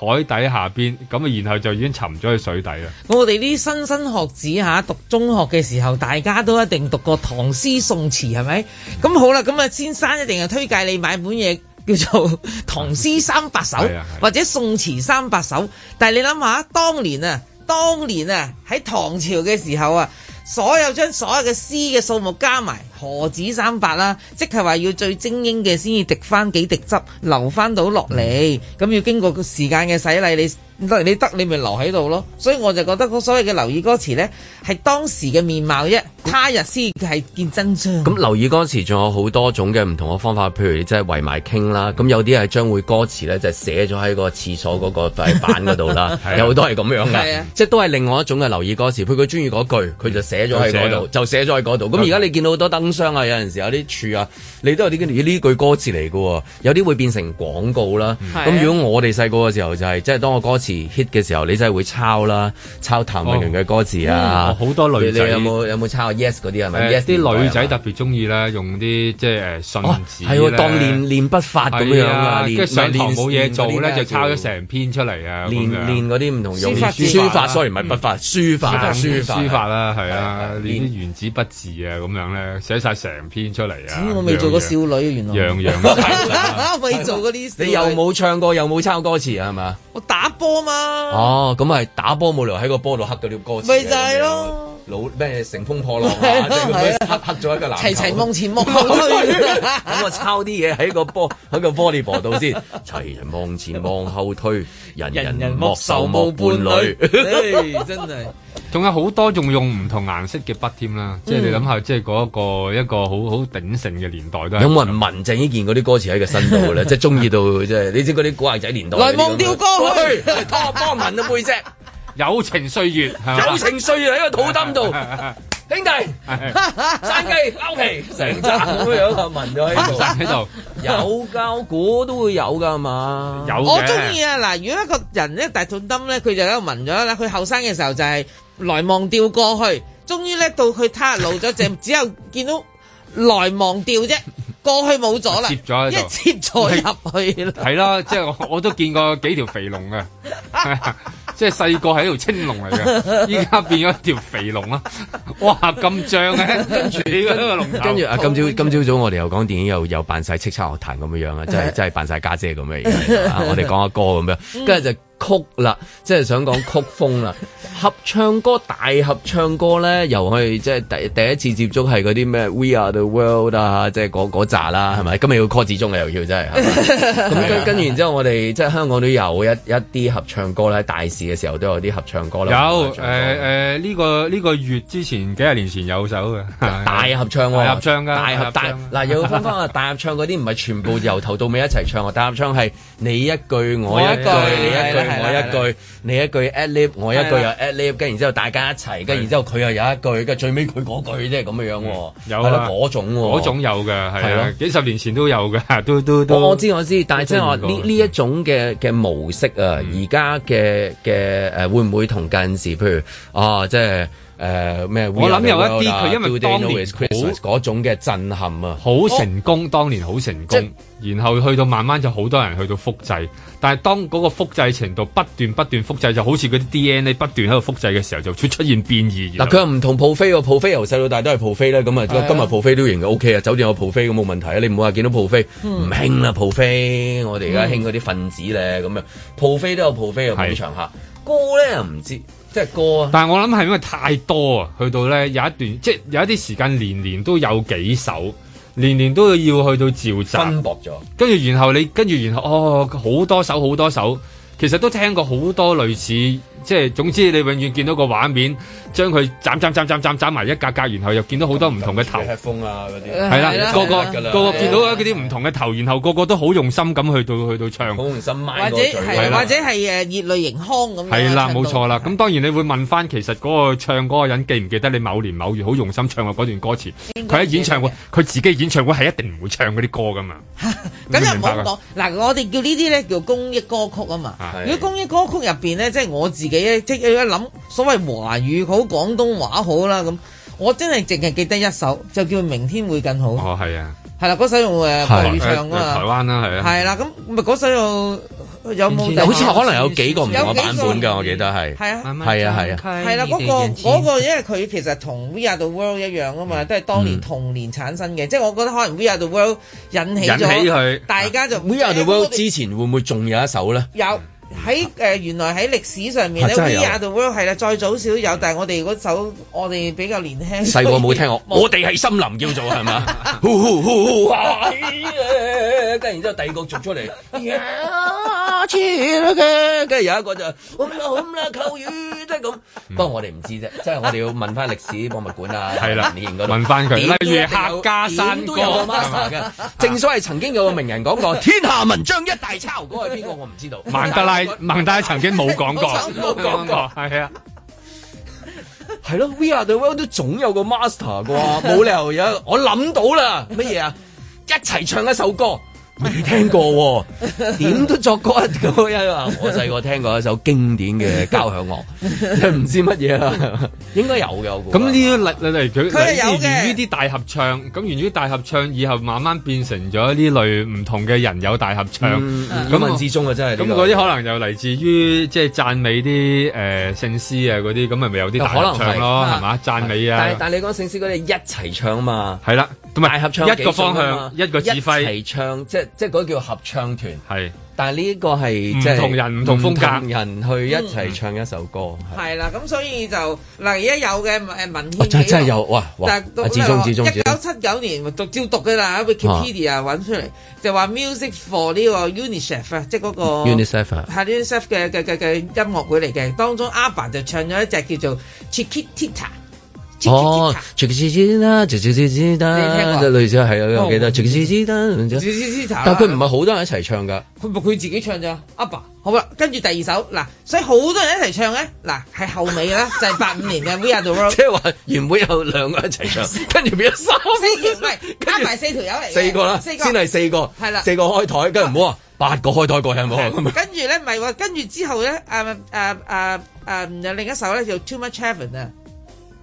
海底下邊咁啊，然後就已經沉咗去水底啦。我哋啲莘莘學子吓，讀中學嘅時候，大家都一定讀過唐詩宋詞，係咪？咁、嗯、好啦，咁啊，先生一定係推介你買本嘢，叫做《唐詩三百首》或者《宋詞三百首》。但係你諗下，當年啊，當年啊，喺唐朝嘅時候啊，所有將所有嘅詩嘅數目加埋。何止三八啦、啊？即係話要最精英嘅先至滴翻幾滴汁，留翻到落嚟，咁、嗯、要經過個時間嘅洗禮，你得你得你咪留喺度咯。所以我就覺得嗰所謂嘅留意歌詞咧，係當時嘅面貌啫，他日先係見真章。咁、嗯、留意歌詞仲有好多種嘅唔同嘅方法，譬如即係圍埋傾啦，咁有啲係將會歌詞咧就寫咗喺個廁所嗰、嗰個地 <laughs> 板嗰度啦， <laughs> 有好多係咁樣嘅，即係、啊、都係另外一種嘅留意歌詞。譬如佢中意嗰句，佢就寫咗喺嗰度，就寫咗喺嗰度。咁而家你見到好多燈商啊，有陣時有啲處啊，你都有啲呢句歌詞嚟㗎喎，有啲會變成廣告啦。咁如果我哋細個嘅時候，就係即係當個歌詞 hit 嘅時候，你真係會抄啦，抄譚詠麟嘅歌詞啊。好多女仔，有冇有冇抄 yes 嗰啲？Yes，啲女仔特別中意啦，用啲即係誒順子，係喎，當練練筆法咁樣啊，即係上堂冇嘢做咧，就抄咗成篇出嚟啊。練練嗰啲唔同樣書法，雖然唔係筆法，書法書書法啦，係啊，練啲原子筆字啊，咁樣咧寫晒成篇出嚟啊！我未做過少女，原來樣樣都係，未做過啲。你又冇唱過，又冇抄歌詞啊？係嘛？我打波啊嘛？哦，咁係打波冇理由喺個波度刻到啲歌詞咪就係咯。咩乘風破浪， <laughs> 黑黑咗一個籃球。 <laughs> 齊齊望前望後、 <laughs> <laughs> <laughs> 嗯、我抄啲嘢喺個波喺個玻璃度先。齊人望前望後推，人人莫愁冇伴侶。真係，仲有好多仲用唔同顏色嘅筆添啦。即係你諗下，嗯、即係嗰一個一個好好鼎盛嘅年代都。有冇人紋鄭伊健嗰啲歌詞喺個身度咧？ <laughs> 即係中意到即係，你知嗰啲古惑仔年代。來忘掉過去，脫波 <laughs> 文嘅背脊。友情歲月，友情歲月喺個肚腩度，兄弟，山雞撈皮，成隻都有個紋咗喺度，喺度有膠骨都會有噶嘛，有我中意啊！嗱，如果一個人咧大肚腩咧，佢就喺度紋咗啦。佢後生嘅時候就係來忘掉過去，終於咧到佢他日老咗，就只有見到來忘掉啫，過去冇咗啦，一黐咗入去啦。係咯，即係我我都見過幾條肥龍嘅。即係細個係一條青龍嚟噶，依家變咗條肥龍啦！哇，咁脹嘅，跟住呢個龍頭。跟住啊，今朝今朝早早我哋又講電影，又又扮晒叱咤樂壇咁樣樣啊，真係真係扮晒家姐咁嘅嘢。我哋講下歌咁樣，跟住、嗯、就。曲啦，即係想講曲風啦。合唱歌、大合唱歌咧，又去即係第第一次接觸係嗰啲咩《We Are The World》啊，即係嗰嗰扎啦，係咪？今日要 call 詞中嘅又要，真係。咁跟跟完之後，我哋即係香港都有一一啲合唱歌咧，大事嘅時候都有啲合唱歌啦。有，誒誒，呢個呢個月之前幾廿年前有首嘅大合唱合唱大合唱。嗱有大合唱嗰啲唔係全部由頭到尾一齊唱，大合唱係你一句我一句你一句。我一句，你一句 adlib，我一句又 adlib，跟然之後大家一齊，跟然之後佢又有一句，跟最尾佢嗰句即係咁樣樣喎。有啊，嗰種喎，嗰種有嘅，係啊，幾十年前都有嘅，都都都。我知我知，但係即係話呢呢一種嘅嘅模式啊，而家嘅嘅誒會唔會同近時譬如啊，即係。誒咩？呃、我諗有一啲佢因為當年好嗰種嘅震撼啊，好成功，哦、當年好成功，即然後去到慢慢就好多人去到複製，但係當嗰個複製程度不斷不斷複製，就好似嗰啲 DNA 不斷喺度複製嘅時候，就出出現變異。嗱，佢又唔同蒲飛喎，蒲飛由細到大都係蒲飛咧，咁啊，今日蒲飛都型嘅 O K 啊，酒店有蒲飛咁冇問題啊，你唔好話見到蒲飛唔興啦，蒲飛我哋而家興嗰啲分子咧，咁啊，蒲飛、嗯、都有蒲飛嘅捧場客，是哥咧又唔知。即係歌啊！但係我諗係因為太多啊，去到呢有一段即係有一啲時間，年年都有幾首，年年都要去到召集，分薄咗。跟住然後你跟住然後哦，好多首好多首，其實都聽過好多類似。即係總之，你永遠見到個畫面，將佢斬斬斬斬斬埋一格格，然後又見到好多唔同嘅頭，劈風啊啲，係啦，個個個個見到嗰啲唔同嘅頭，然後個個都好用心咁去到去到唱，或者係或者係誒熱淚盈眶咁。係啦，冇錯啦。咁當然你會問翻，其實嗰個唱歌人記唔記得你某年某月好用心唱嘅嗰段歌詞？佢喺演唱會，佢自己演唱會係一定唔會唱嗰啲歌噶嘛。咁又唔好講嗱，我哋叫呢啲咧叫公益歌曲啊嘛。如果公益歌曲入邊咧，即係我自己。己即一諗，所謂華語好、廣東話好啦咁，我真係淨係記得一首，就叫《明天會更好》。哦，係啊，係啦，嗰首誒，唱啊嘛，台灣啦係啊，係啦，咁咪嗰首有冇？好似可能有幾個唔同嘅版本㗎，我記得係係啊，係啊，係啊，係啦，嗰個嗰個，因為佢其實同《We Are the World》一樣啊嘛，都係當年同年產生嘅，即係我覺得可能《We Are the World》引起引起佢。大家就《We Are the World》之前會唔會仲有一首咧？有。喺誒、呃、原來喺歷史上面咧，We Are The World 係啦，再早少有，但係我哋嗰首我哋比較年輕細個冇聽過，沒我哋係森林叫做係嘛？跟然之後第二個做出嚟。 <laughs> <laughs> 跟住有一個就咁啦，咁啦，扣魚都係咁。不過我哋唔知啫，即係我哋要問返歷史博物館啊，文獻嗰度問返佢，例如客家山歌都有個 master 嘅。正所謂曾經有個名人講過：天下文章一大抄，嗰個係邊個？我唔知道。曼德拉，曼德拉曾經冇講過。冇講過，係啊。係咯，We are the world 都總有個 master 啩，冇理由有。我諗到啦，乜嘢啊？一齊唱一首歌。未聽過，點都作歌一個。我細個聽過一首經典嘅交響樂，唔知乜嘢啦。應該有嘅，咁呢啲嚟嚟嚟，佢源於啲大合唱，咁源自於大合唱，以後慢慢變成咗呢類唔同嘅人有大合唱。咁文之中嘅真係。咁嗰啲可能就嚟自於即係讚美啲誒聖詩啊嗰啲，咁咪有啲大合唱咯？係嘛，讚美啊！但但你講聖詩嗰啲一齊唱嘛？係啦，同埋大合唱一個方向，一個指揮，齊唱即係。即係嗰叫合唱團係，但係呢個係即係唔同人唔同風格人去一齊唱一首歌係啦。咁所以就嗱而家有嘅文獻，真真有哇！阿志忠，志忠，一九七九年讀照讀㗎啦。Wikipedia 揾出嚟就話 music for 呢個 UNICEF 啊，即嗰個 UNICEF，UNICEF 嘅音樂會嚟嘅，當中阿爸就唱咗一隻叫做 Chiquitita。哦，吱吱吱噠，吱吱吱吱噠，就類似係咯，我記得，吱吱吱噠，但佢唔係好多人一齊唱噶，佢自己唱咋，阿好啦，跟住第二首，嗱，所以好多人一齊唱咧，嗱，係後尾啦，就係八五年嘅 We Are The World，即係話原本有兩個一齊唱，跟住變咗三，係，加埋四條友嚟，四個啦，先係四個，係啦，四個開台，跟住唔好話八個開台，嗰陣跟住咧唔係跟住之後咧，誒誒誒誒，另一首咧就 Too Much Heaven 啊。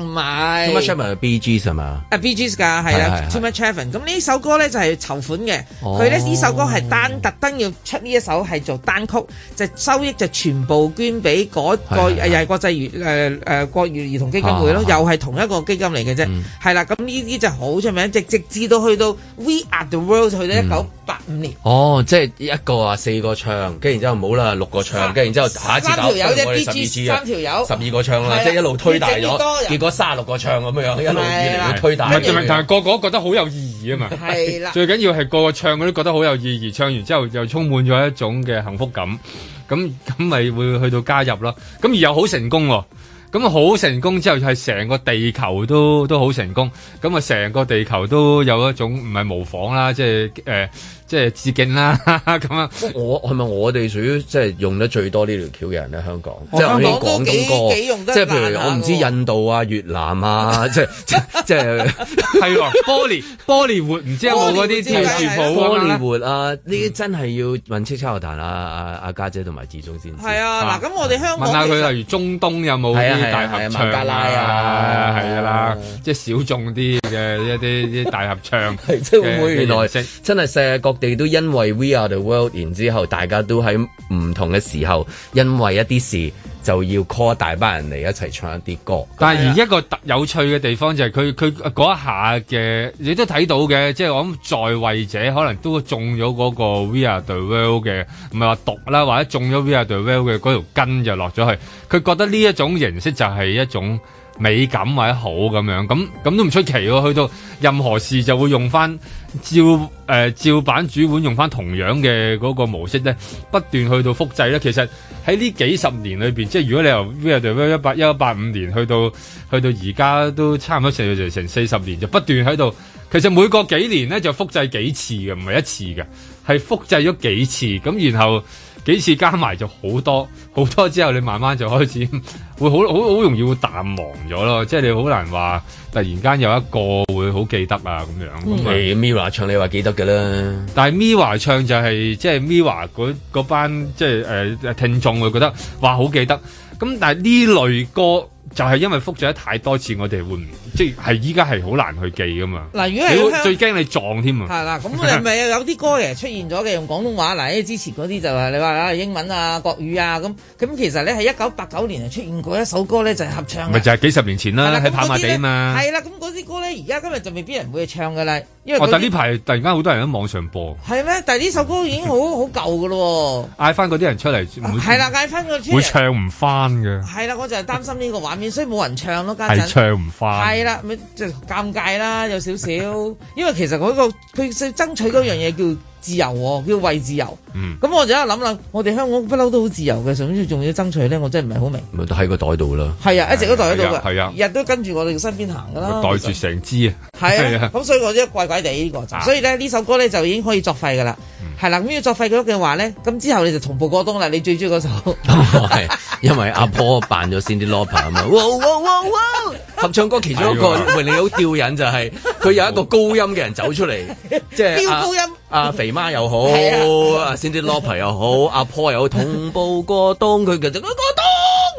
唔係 Too Much Heaven 係 B G 係嘛？啊 B G 㗎係啦，Too Much Heaven 咁呢首歌呢，就係籌款嘅，佢呢，呢首歌係單特登要出呢一首係做單曲，就收益就全部捐俾嗰個又係國際兒誒誒國兒兒童基金會囉，又係同一個基金嚟嘅啫，係啦，咁呢啲就好出名，直直至到去到 We Are The World 去到一九八五年。哦，即係一個啊四個唱，跟住然之後冇啦六個唱，跟住然之後下一次搞，我哋十二個唱啦，即係一路推大咗，三十六個唱咁樣樣一路以嚟越推打。但係個個覺得好有意義啊嘛。係啦，是最緊要係個個唱佢都覺得好有意義，唱完之後又充滿咗一種嘅幸福感，咁咁咪會去到加入啦。咁而又好成功喎，咁好成功之後係成個地球都都好成功，咁啊成個地球都有一種唔係模仿啦，即係誒。呃即係致敬啦咁啊！我係咪我哋屬於即係用得最多呢條橋嘅人咧？香港即係香港都幾幾用得廣東歌，即係譬如我唔知印度啊、越南啊，即係即係係咯。Bollywood，Bollywood 唔知有冇嗰啲跳跳舞 Bollywood 啊，呢啲真係要問叱咤樂壇啊阿家姐同埋志中先知。係啊，嗱，咁我哋香港問下佢，例如中東有冇啲大合唱？係啊，孟加拉啊，係㗎啦。即係小眾啲嘅一啲大合唱，即原來真係哋都因為 We Are The World，然之後大家都喺唔同嘅時候，因為一啲事就要 call 大班人嚟一齊唱一啲歌。但係而一個特有趣嘅地方就係佢佢嗰一下嘅，你都睇到嘅，即係我諗在位者可能都中咗嗰個 We Are The World 嘅，唔係話毒啦，或者中咗 We Are The World 嘅嗰條根就落咗去。佢覺得呢一種形式就係一種。美感或者好咁樣，咁咁都唔出奇喎。去到任何事就會用翻照誒、呃、照板煮碗，用翻同樣嘅嗰個模式咧，不斷去到複製咧。其實喺呢幾十年裏面，即係如果你由1985年去到去到而家都差唔多成成成四十年，就不斷喺度。其實每個幾年咧就複製幾次嘅，唔係一次嘅，係複製咗幾次咁，然後。幾次加埋就好多，好多之後你慢慢就開始會好好好容易會淡忘咗咯，即係你好難話突然間有一個會好記得啊咁樣。咁咪 Mira 唱你話記得㗎啦，但係 Mira 唱就係、是、即係、就是、Mira 嗰嗰班即係誒聽眾會覺得話好記得，咁但係呢類歌就係因為複製得太多次，我哋會。即係依家係好難去記噶嘛？嗱，如果係最驚你撞添啊！係啦，咁你咪有啲歌嘅出現咗嘅，用廣東話嗱，誒之前嗰啲就係你話英文啊國語啊咁咁，其實咧係一九八九年就出現過一首歌咧，就係合唱。咪就係幾十年前啦，喺跑馬地啊嘛。係啦，咁嗰啲歌咧，而家今日就未必人會去唱嘅啦，因為我但係呢排突然間好多人喺網上播。係咩？但係呢首歌已經好好舊嘅咯喎。嗌翻嗰啲人出嚟，係啦，嗌翻嗰啲人會唱唔翻嘅。係啦，我就係擔心呢個畫面，所以冇人唱咯家陣。係唱唔翻。係啦。即就尷尬啦，有少少，因為其實嗰、嗰個佢想爭取嗰樣嘢叫。自由喎，叫為自由。咁我就喺度諗諗，我哋香港不嬲都好自由嘅，甚至仲要爭取咧？我真係唔係好明。咪喺個袋度啦。係啊，一直都袋喺度嘅。係啊，日都跟住我哋身邊行㗎啦。袋住成支啊。係啊。咁所以我覺得怪怪地呢個就。所以呢，呢首歌咧就已經可以作廢㗎啦。係啦，咁要作廢咗嘅話咧，咁之後你就同步過冬啦。你最中意嗰首。因為阿婆扮咗 Cyndi Lauper 啊嘛。合唱歌其中一個，餵，你好吊癮就係佢有一個高音嘅人走出嚟，即係。高音。阿姨媽又好，先啲老婆又好， <laughs> 阿婆又好，同步過冬，佢其實都過冬。.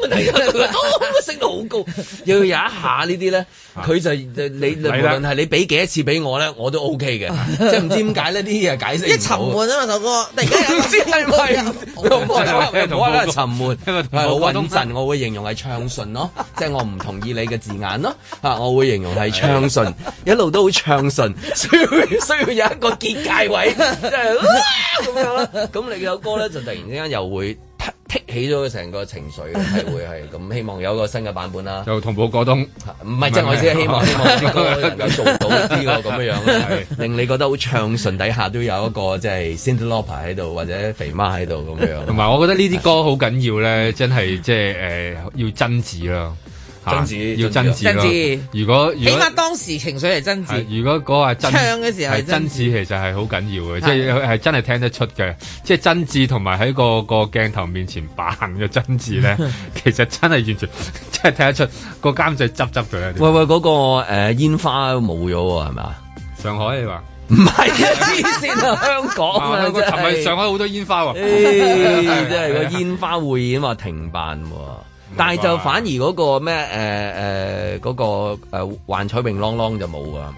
問題都升到好高，又要有一下呢啲咧，佢就你無論係你俾幾多次俾我咧，我都 O K 嘅，即係唔知點解呢啲嘢解釋。一沉悶啊嘛，首歌突然之間唔知係咪沉悶，唔係好穩陣，我會形容係暢順咯，即係我唔同意你嘅字眼咯，吓，我會形容係暢順，一路都好暢順，需要需要有一個結界位，即係咁樣咯，咁你有歌咧就突然之間又會。剔起咗成個情緒係會係咁，希望有一個新嘅版本啦。就同步過冬，唔係，即係我只係希望， <laughs> 希望有做到呢個咁樣，是令你覺得好暢順，底下都有一個即係 Cinderella 喺度，或者肥媽喺度咁樣。同埋，我覺得呢啲歌好緊要咧， <laughs> 真係即係誒要真摯囉。真子要真真咯，如果起碼當時情緒係真摯，如果嗰個唱嘅時候係真摯，其實係好緊要嘅，即係係真係聽得出嘅，即係真摯同埋喺個個鏡頭面前扮嘅真摯咧，其實真係完全即係聽得出個監製執執佢喂喂，嗰個誒煙花冇咗喎，係咪啊？上海你話唔係香港琴日上海好多煙花喎，真係個煙花會演嘛停辦。但係就反而嗰個咩誒誒嗰個誒幻彩詠香江就冇噶係嘛？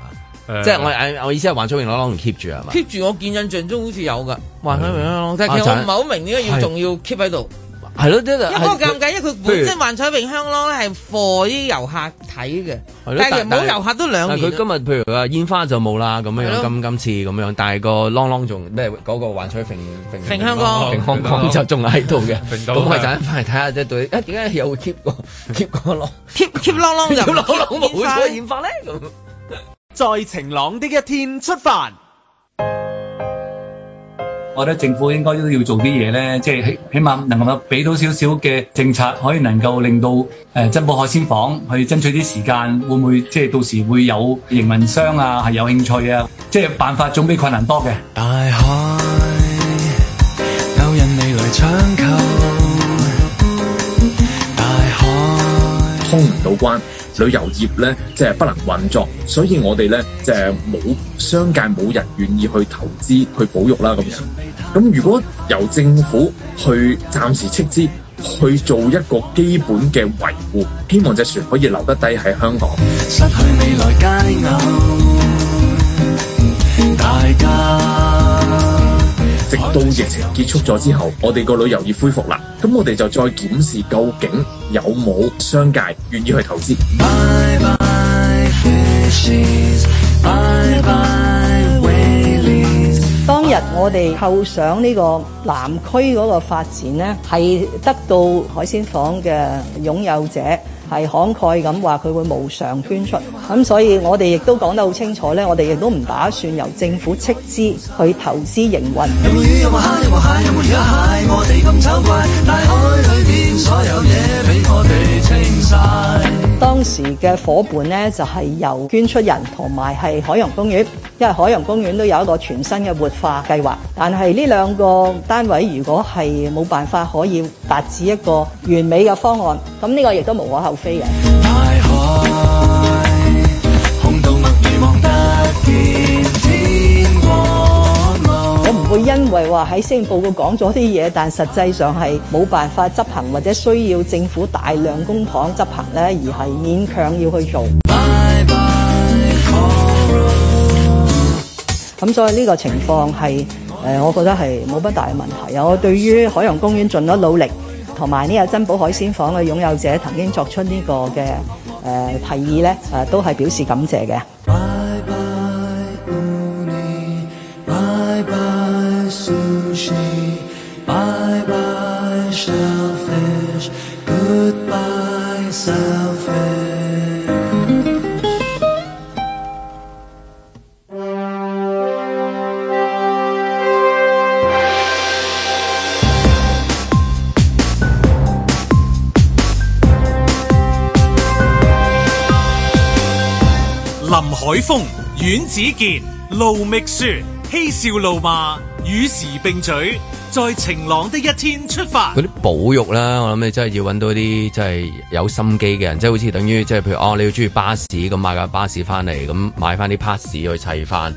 嗯、即係我誒我意思係幻彩詠香江唔 keep 住係嘛？keep 住我見印象中好似有噶幻彩詠香江，但係其實我唔係好明點解要仲要 keep 喺度。係咯，一個尷尬，因為佢如本身幻彩詠香啷係畀啲遊客睇嘅對了，但係冇遊客都兩年。但佢今日譬如啊，煙花就冇啦，咁樣樣今今次咁樣但係個啷啷仲咩嗰個幻彩詠香江，詠香江就仲喺度嘅。咁我就翻嚟睇下即係對，啊點解又 keep 個 keep 個啷 keep keep 啷啷又冇咗煙花咧？在晴朗的一天出發。我覺得政府應該都要做啲嘢呢，即係起碼能夠俾到少少嘅政策，可以能夠令到誒珍寶海鮮舫去爭取啲時間，會唔會即係、就是、到時會有營運商啊係有興趣啊？即、就、係、是、辦法總比困難多嘅。大海，有人未來搶購，大海通唔到關。旅遊業咧，即係不能運作，所以我哋咧即係冇商界冇人願意去投資去保育啦咁樣。咁如果由政府去暫時斥資去做一個基本嘅維護，希望隻船可以留得低喺香港。失去未來街由大家。直到疫情結束咗之後，我哋個旅遊業恢復啦，咁我哋就再檢視究竟有冇商界願意去投資。當日我哋扣上呢個南區嗰個發展咧，係得到海鮮舫嘅擁有者。係慷慨咁話佢會無償捐出，咁所以我哋亦都講得好清楚咧，我哋亦都唔打算由政府斥資去投資營運。當時嘅夥伴咧就係、是、由捐出人同埋係海洋公園，因為海洋公園都有一個全新嘅活化計劃。但係呢兩個單位如果係冇辦法可以達至一個完美嘅方案，咁呢個亦都無可厚非。我唔會因為話喺施政報告講咗啲嘢，但實際上係冇辦法執行或者需要政府大量公帑執行咧，而係勉強要去做。咁 <music> 所以呢個情況係誒，我覺得係冇乜大嘅問題啊！我對於海洋公園盡咗努力。同埋呢個珍寶海鮮舫嘅擁有者曾經作出呢個嘅提議，都係表示感謝嘅。海風、阮子健、盧覓雪、嬉笑怒罵，與時並舉，在晴朗的一天出發。嗰啲保育啦，我諗你真係要搵到啲即係有心機嘅人，即係好似等於即係譬如哦，你要中意巴士咁買架巴士翻嚟，咁買翻啲 pass 去砌翻。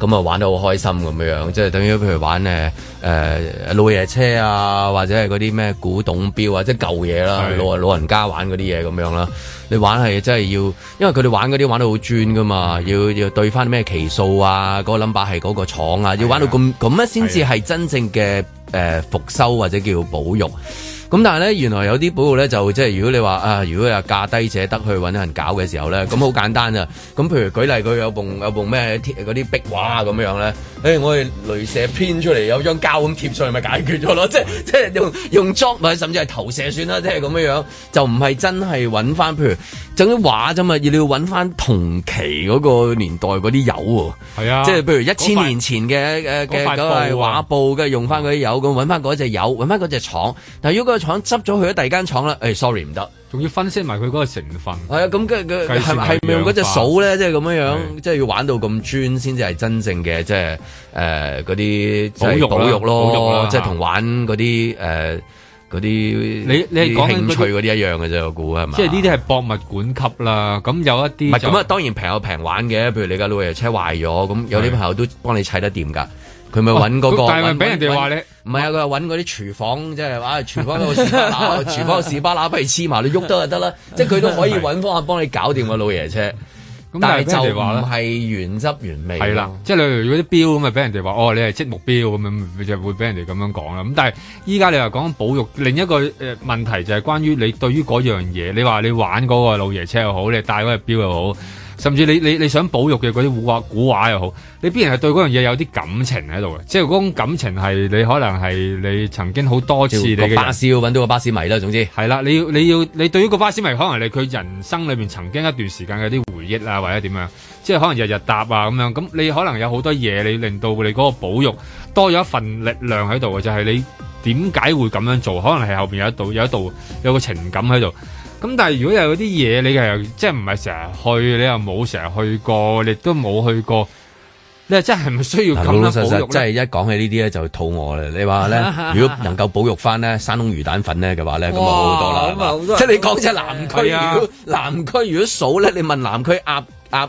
咁啊玩得好開心咁樣，即係等於譬如玩誒、呃、老爺車啊，或者係嗰啲咩古董錶啊，即係舊嘢啦，是的 老老人家玩嗰啲嘢咁樣啦。你玩係真係要，因為佢哋玩嗰啲玩得好專噶嘛，嗯、要要對翻咩奇數啊，嗰、嗰個 number 係嗰個廠啊，的要玩到咁咁咧先至係真正嘅誒、呃、復修或者叫保育。咁但係咧，原來有啲保護咧，就即、就、係、是、如果你話啊，如果有價低者得去搵人搞嘅時候咧，咁好簡單啊！咁譬如舉例，佢有埲有埲咩嗰啲壁畫咁樣咧，誒、欸、我哋雷射編出嚟有張膠咁貼上去咪解決咗咯！即即用用捉，或者甚至係投射算啦，即係咁樣，就唔係真係搵返譬如。整啲畫啫嘛，要你要揾翻同期嗰個年代嗰啲油喎。係啊，即係譬如一千年前嘅嘅嘅嗰個畫布嘅，用翻嗰啲油，咁揾翻嗰隻油，搵翻嗰隻廠。但如果個廠執咗去咗第二間廠啦、哎、sorry 唔得，仲要分析埋佢嗰個成分。係啊，咁跟係咪用嗰隻掃咧？即係咁樣樣，即係是要玩到咁專先至係真正嘅，即係誒嗰啲保育保育咯，即係同玩嗰啲誒。呃嗰啲你你係講興趣嗰啲一樣嘅啫，些我估係嘛？即係呢啲係博物館級啦。咁有一啲咁啊，當然平有平玩嘅。譬如你家老爺車壞咗，咁有啲朋友都幫你砌得掂㗎。佢咪揾嗰個？哦，但係唔俾人哋話你。唔係啊，佢又揾嗰啲廚房，即係話廚房嗰士巴拿，廚房嗰士巴拿 <laughs> 不如黐埋你喐得就得啦。 <laughs> 即係佢都可以揾方法幫你搞掂個老爺車。 <laughs> 嗯咁但係就唔係原汁原味。係啦，即係你如果啲表咁啊，俾人哋話哦，你係積木錶咁樣，就會俾人哋咁樣講啦。咁但係依家你又講保育，另一個誒問題就係關於你對於嗰樣嘢，你話你玩嗰個老爺車又好，你戴嗰隻表又好。甚至你你你想保育嘅嗰啲古畫古畫又好，你必然係對嗰樣嘢有啲感情喺度嘅，即係嗰種感情係你可能係你曾經好多次你嘅。巴士要搵到個巴士迷啦，總之係啦，你要你要你對於個巴士迷可能你佢人生裏面曾經一段時間嘅啲回憶啊，或者點樣，即係可能日日搭啊咁樣，咁你可能有好多嘢你令到你嗰個保育多咗一份力量喺度嘅，就係你點解會咁樣做，可能係後邊有一道有一道有個情感喺度。咁但係如果有啲嘢你又即係唔係成日去，你又冇成日去過，你都冇去過，你就真係唔需要咁樣保育。老實實，即係一講起呢啲咧就肚餓啦。你話咧， <laughs> 如果能夠保育翻咧，山東魚蛋粉咧嘅話咧，咁哇就好多啦。好多，即係你講即係南區啊。南區如果數咧，你問南區鴨鴨。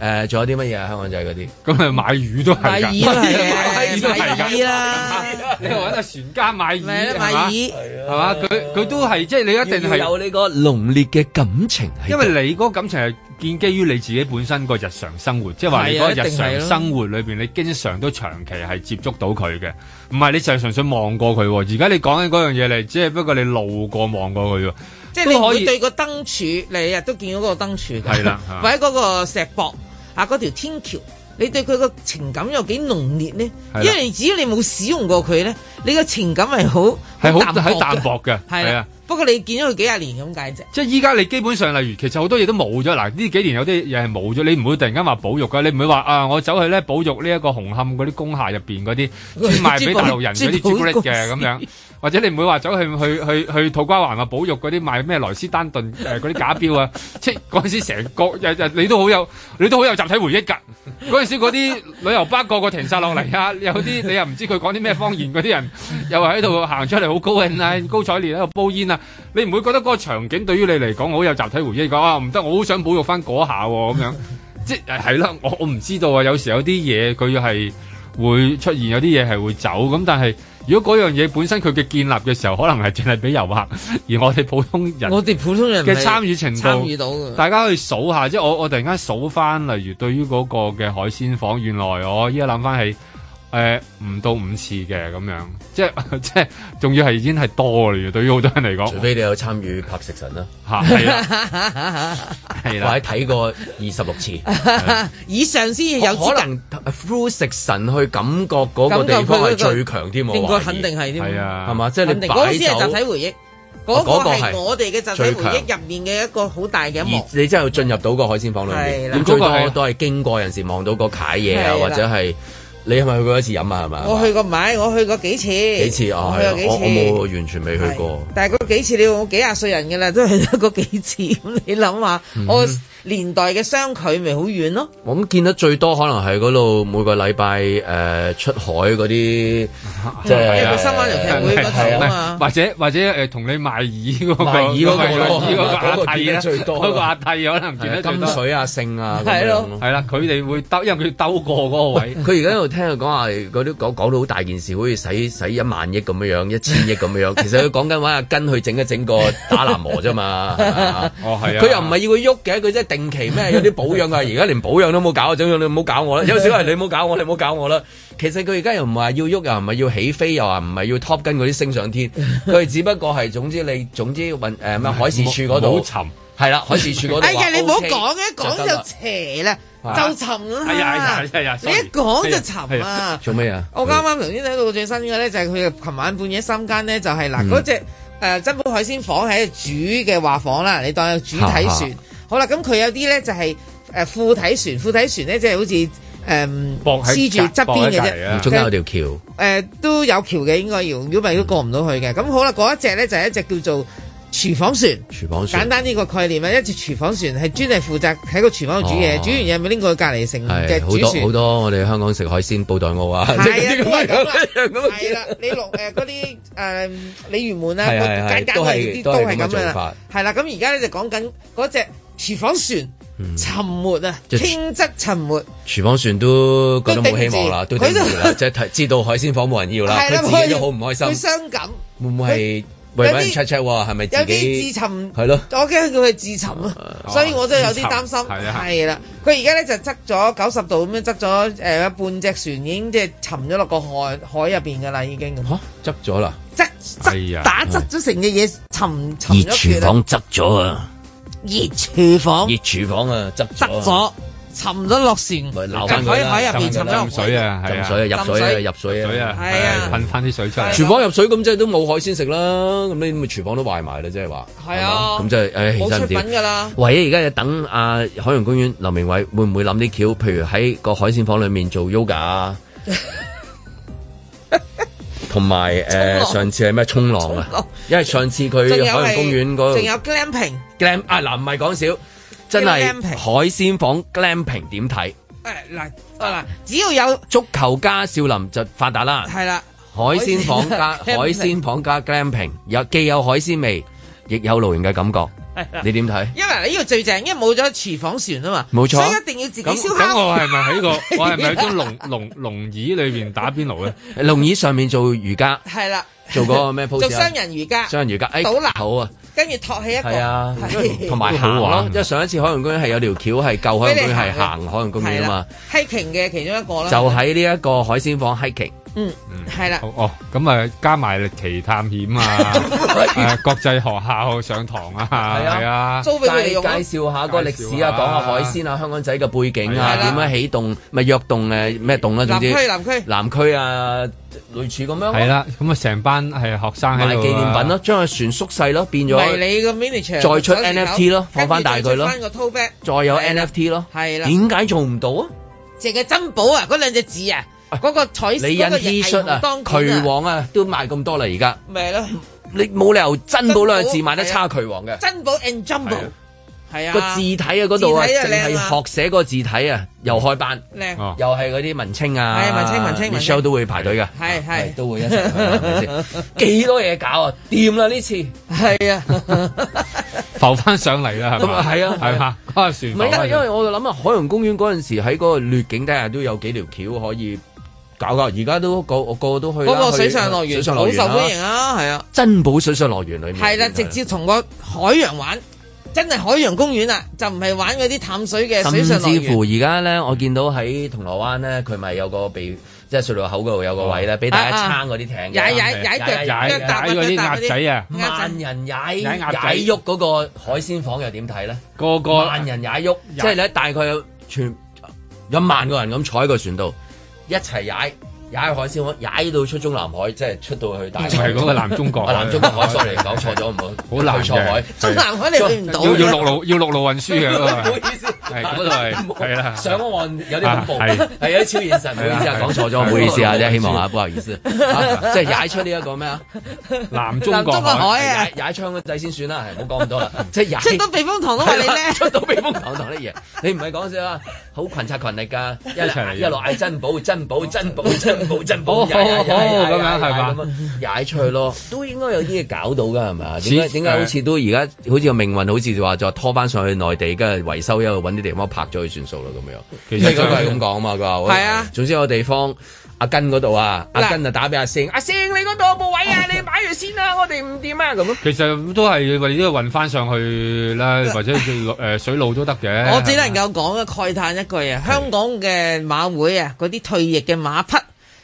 誒，仲有啲乜嘢啊？香港仔嗰啲，咁誒買魚都係，買魚都係，買魚啦！你揾阿船家買魚，買魚係嘛？佢佢都係，即係你一定係有你個濃烈嘅感情，因為你嗰個感情係建基於你自己本身個日常生活，即係話嗰個日常生活裏面，你經常都長期係接觸到佢嘅。唔係你就係純粹望過佢喎。而家你講緊嗰樣嘢嚟，即係不過你路過望過佢喎。即係你可以對個燈柱，你日都見到嗰個燈柱，係啦，或者嗰個石樁。啊！嗰條天橋，你對佢個情感有幾濃烈呢？因為只要你冇使用過佢咧，你個情感係好係好係淡薄嘅。係啊，淡薄嘅。不過你見咗佢幾廿年咁解啫。即係依家你基本上，例如其實好多嘢都冇咗。嗱，呢幾年有啲嘢係冇咗，你唔會突然間話保育噶，你唔會話啊！我走去咧保育呢一個紅磡嗰啲工廈入邊嗰啲，轉賣俾大陸人嗰啲朱古力嘅咁樣。或者你唔會話走去去去去土瓜灣啊保育嗰啲賣咩萊斯丹頓嗰啲、呃、假錶啊， <laughs> 即嗰陣時成個日日你，你都好有你都好有集體回憶㗎。嗰陣 <laughs> 時嗰啲旅遊巴個個停晒落嚟啊，有啲你又唔知佢講啲咩方言嗰啲人又話喺度行出嚟好高興啊，高采烈喺度煲煙啊，你唔會覺得嗰個場景對於你嚟講好有集體回憶㗎？啊唔得，我好想保育翻嗰下喎咁樣，即係係啦，我我唔知道啊。有時有啲嘢佢係會出現，有啲嘢係會走咁，但係。如果嗰樣嘢本身佢嘅建立嘅時候，可能係淨係俾遊客，而我哋普通人，我哋普通人嘅參與程度，參與到，大家可以數下，即係我我突然間數翻，例如對於嗰個嘅海鮮房，原來我依家諗翻起。誒，唔到五次嘅，咁樣，即係即係，仲要係已經係多嚟嘅。對於好多人嚟講，除非你有參與拍食神啦，係，係啦，或者睇過二十六次以上先有可能 through 食神去感覺嗰個地方係最強添喎。應該肯定係添，係啊，係嘛？即係你嗰啲先係集體回憶，嗰個係我哋嘅集體回憶入面嘅一個好大嘅幕。你之後進入到個海鮮舫裏面，咁最多都係經過人時望到個蟹嘢啊，或者係。你係咪去過一次飲啊？係咪？我去過，唔係，我去過幾次。幾次啊？我去過幾次我冇，完全未去過。但係嗰幾，幾，幾次，你我幾廿歲人㗎啦，都係得嗰幾次。你諗下，我。年代嘅相距咪好遠咯？我諗見得最多可能喺嗰度每個禮拜誒出海嗰啲，即係一個新翻入嚟嘅嗰頭啊嘛，或者或者誒同你賣耳嗰個賣耳嗰個賣耳嗰個阿太啦，嗰個阿太可能見得最多。金水啊勝啊，係咯，係啦，佢哋會兜，因為佢哋兜過嗰個位。佢而家喺度聽佢講話，嗰啲講講到好大件事，好似使使一萬億咁樣樣，一千億咁樣樣。其實佢講緊揾下筋去整一整個打蠟模啫嘛。哦，係啊，佢又唔係要佢喐嘅，佢即係。期咩有啲保養啊，而家連保養都冇搞，總要你唔好搞我啦！有少係你唔好搞我，你唔好搞我啦。其實佢而家又唔係要喐，又唔係要起飛又，又話唔係要 top 跟嗰啲升上天。佢只不過係，總之你總之運誒咩海事處嗰度沉係啦，海事處嗰度。OK，哎呀，你唔好講一講就邪啦，就沉啦的、哎、呀。哎、呀 Sorry，你一講就沉啊！做咩啊？我啱啱頭先睇到最新嘅咧，就係佢琴晚半夜三更咧，就係嗱嗰隻誒珍寶海鮮舫喺煮嘅畫舫啦，你當係主體船。啊啊好啦，咁佢有啲咧就係誒副體船，副體船咧即係好似誒黐住側邊嘅啫，中間有條橋誒都有橋嘅，應該要如果唔係都過唔到去嘅。咁好啦，嗰一隻咧就係一隻叫做廚房船，廚房船簡單呢個概念啦，一隻廚房船係專係負責喺個廚房度煮嘢，煮完嘢咪拎過隔離成嘅主船好多好多。我哋香港食海鮮布袋澳啊，係啊，係啦，你落嗰啲誒鯉魚門啦，間間係啲都係咁樣啦，係啦。咁而家咧就講緊嗰隻。廚房船沉沒啊，傾側沉沒。廚房船都覺得冇希望啦，都沉住啦，即係知道海鮮舫冇人要啦，佢自己都好唔開心，佢傷感，會唔會係為咗人 check check？係咪有啲自沉？係咯，我驚佢係自沉啊，所以我都有啲擔心。係啦，佢而家咧就側咗九十度咁樣側咗誒，半隻船已經即係沉咗落個海海入邊噶啦，已經咁側咗啦，執執打側咗成隻嘢沉沉咗而廚房側咗啊！熱廚房，熱廚房啊，就得咗，沉咗落船，入海海入邊沉咗水啊，入水啊，入水啊，入水啊，係啊，噴翻啲水出嚟。廚房入水咁即係都冇海鮮食啦，咁你咪廚房都壞埋啦，即係話。係啊，咁即係，唉，冇出品噶啦。唯一而家就等阿海洋公園劉明偉會唔會諗啲橋？譬如喺個海鮮房裏面做 yoga。同埋誒上次係咩衝浪啊？浪因為上次佢海洋公園度仲有,有 glamping，glamp 啊嗱，唔係講笑，glamping, 真係海鮮房 glamping 點睇？誒嗱啊嗱、啊，只要有足球加少林就發達啦。係啦的，海鮮房加的海鮮房加 glamping，有既有海鮮味，亦有露營嘅感覺。你點睇？因為呢個最正，因為冇咗廚房船啊嘛，冇錯，所以一定要自己燒烤。咁咁我係咪喺個？我係咪喺張龍龍龍椅裏面打邊爐咧？龍椅上面做瑜伽，係啦，做嗰個咩 pose？做雙人瑜伽，雙人瑜伽，哎，好難，好啊，跟住托起一個，係啊，同埋行咯。因為上一次海洋公園係有條橋係舊海洋公園係行海洋公園啊嘛，hiking 嘅其中一個啦，就喺呢一個海鮮舫 hiking。嗯，係啦。哦，咁啊，加埋奇探險啊，國際學校上堂啊，係啊，租俾我哋介紹下個歷史啊，講下海鮮啊，香港仔嘅背景啊，點樣起動咪躍動誒咩動啦？總之南區南區南區啊，類似咁樣係啦。咁啊，成班係學生喺買紀念品咯，將個船縮細咯，變咗迷你個 miniature 再出 NFT 咯，放翻大佢咯，再有 NFT 咯，係啦。點解做唔到啊？淨係珍寶啊，嗰兩隻字啊！嗰個彩色嘅藝恤啊，渠王啊，都賣咁多啦而家，咪係咯，你冇理由珍寶兩個字賣得差渠王嘅，珍寶 and 珍寶，係啊個字體啊嗰度啊，淨係學寫個字體啊，又開班。又係嗰啲文青啊，係啊文青文青 Michelle 都會排隊嘅，係係都會一齊去，幾多嘢搞啊，掂啦呢次，係啊，浮翻上嚟啦，係咪啊？係啊，係啊，啊船，因為我就諗啊，海洋公園嗰陣時喺嗰個劣景底下都有幾條橋可以。搞噶，而家都個個都去啦。嗰個水上樂園好受歡迎啊，係啊。珍寶水上樂園裏面係啦，直接從個海洋玩，真係海洋公園啊，就唔係玩嗰啲淡水嘅水上樂園。似乎而家咧，我見到喺銅鑼灣咧，佢咪有個俾即係隧道口嗰度有個位啦，俾大家撐嗰啲艇。踩踩踩腳踩嗰啲鴨仔啊，萬人踩踩喐嗰個海鮮房又點睇咧？個個萬人踩喐，即係你大概有全一萬個人咁坐喺個船度。一齊踩。踩海鮮，踩到出中南海，即係出到去大。就係嗰個南中國。南中國海 sorry，講錯咗唔好。好難嘅。中南海你去唔到。要陸路，要陸路運輸嘅。唔好意思，係嗰度係。上岸有啲恐怖，係有啲超現實。唔好意思啊，講錯咗，唔好意思啊，啫，希望啊，不好意思。即係踩出呢一個咩啊？南中國海。踩槍嗰仔先算啦，係唔好講咁多啦。即係踩。出到避風塘都話你叻。出到避風塘同啲嘢，你唔係講笑啊？好群策群力㗎，一嚟一來嗌珍寶，珍寶，珍寶，冇進步，好好咁樣係嘛？踩出去咯，都應該有啲嘢搞到㗎，係咪啊？點解，點解好似都而家好似個命運好似就話就拖翻上去內地，跟住維修，一路揾啲地方拍咗佢算數啦，咁樣。其實你嗰句係咁講嘛，佢話係啊。總之有個地方阿根嗰度啊，阿根就打俾阿星，阿星，你嗰度冇位啊，你擺住先啦，我哋唔掂啊，咁樣。其實都係為咗運翻上去啦，或者誒水路都得嘅。我只能夠講嘅慨嘆一句啊，香港嘅馬會啊，嗰啲退役嘅馬匹。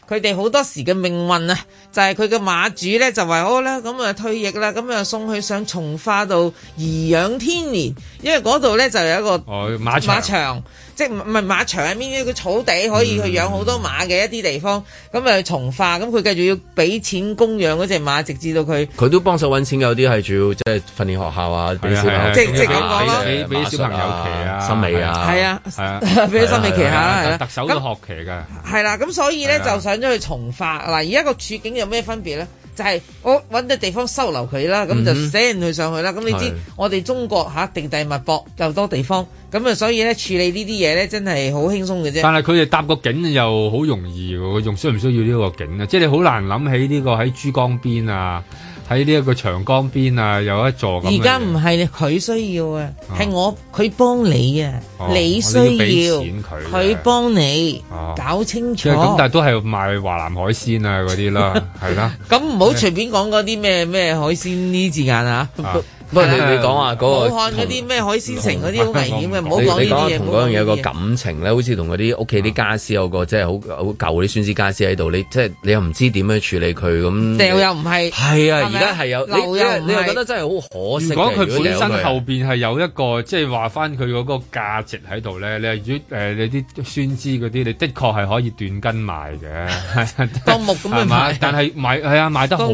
佢哋好多時嘅命運啊，就係佢嘅馬主咧就話好啦，咁、哦、啊退役啦，咁啊送去上從化度頤養天年，因為嗰度咧就有一個馬馬場。即唔唔係馬場入面嘅草地可以去養好多馬嘅一啲地方，咁啊去從化咁佢繼續要俾錢供養嗰隻馬，直至到佢佢都幫手搵錢，有啲係主要即係訓練學校啊，俾小即即講講俾俾小朋友騎啊，森美啊，係啊，俾森美騎下，特首都學騎㗎。係啦，咁所以咧就想咗去從化嗱，而家個處境有咩分別咧？就係我搵啲地方收留佢啦，咁就 send 佢上去啦。咁、mm hmm. 你知我哋中國的定地大物博，又多地方，咁啊，所以咧處理呢啲嘢咧，真係好輕鬆嘅啫。但係佢哋搭個景又好容易喎，仲需唔需要呢個景啊？即係你好難諗起呢個喺珠江邊啊。喺呢一個長江邊啊，有一座咁。而家唔係，佢需要啊，係、啊、我佢幫你啊，啊你需要，佢、啊啊、幫你、啊、搞清楚。咁、嗯、但係都係賣華南海鮮啊嗰啲啦， <laughs> 係啦。咁唔好隨便講嗰啲咩咩海鮮呢字眼啊。啊。不過你講話嗰個，同嗰啲咩海鮮城嗰啲好危險嘅，唔好講呢啲嘢。你同嗰樣嘢個感情咧，好似同嗰啲屋企啲家私有個即係好好舊啲酸枝家私喺度，你即係你又唔知點樣處理佢咁。掉又唔係，係啊，而家係有。你又覺得真係好可惜。如果佢本身後邊係有一個即係話翻佢嗰個價值喺度咧，你如果誒你啲酸枝嗰啲，你的確係可以斷根賣嘅。當木咁樣賣。但係賣係啊，賣得好。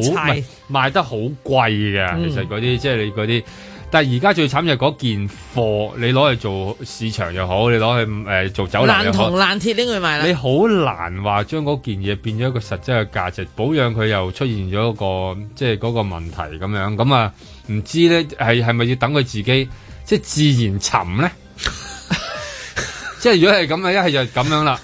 賣得好貴嘅，其實嗰啲即係你嗰啲，嗯、但而家最慘就係嗰件貨，你攞去做市場又好，你攞去誒做酒樓又好，爛銅爛鐵拎去賣啦。你好難話將嗰件嘢變咗一個實際嘅價值，保養佢又出現咗一個即係嗰個問題咁樣，咁啊唔知咧係係咪要等佢自己即係自然沉咧？即係 <laughs> <laughs> 如果係咁啊，一係就咁樣啦。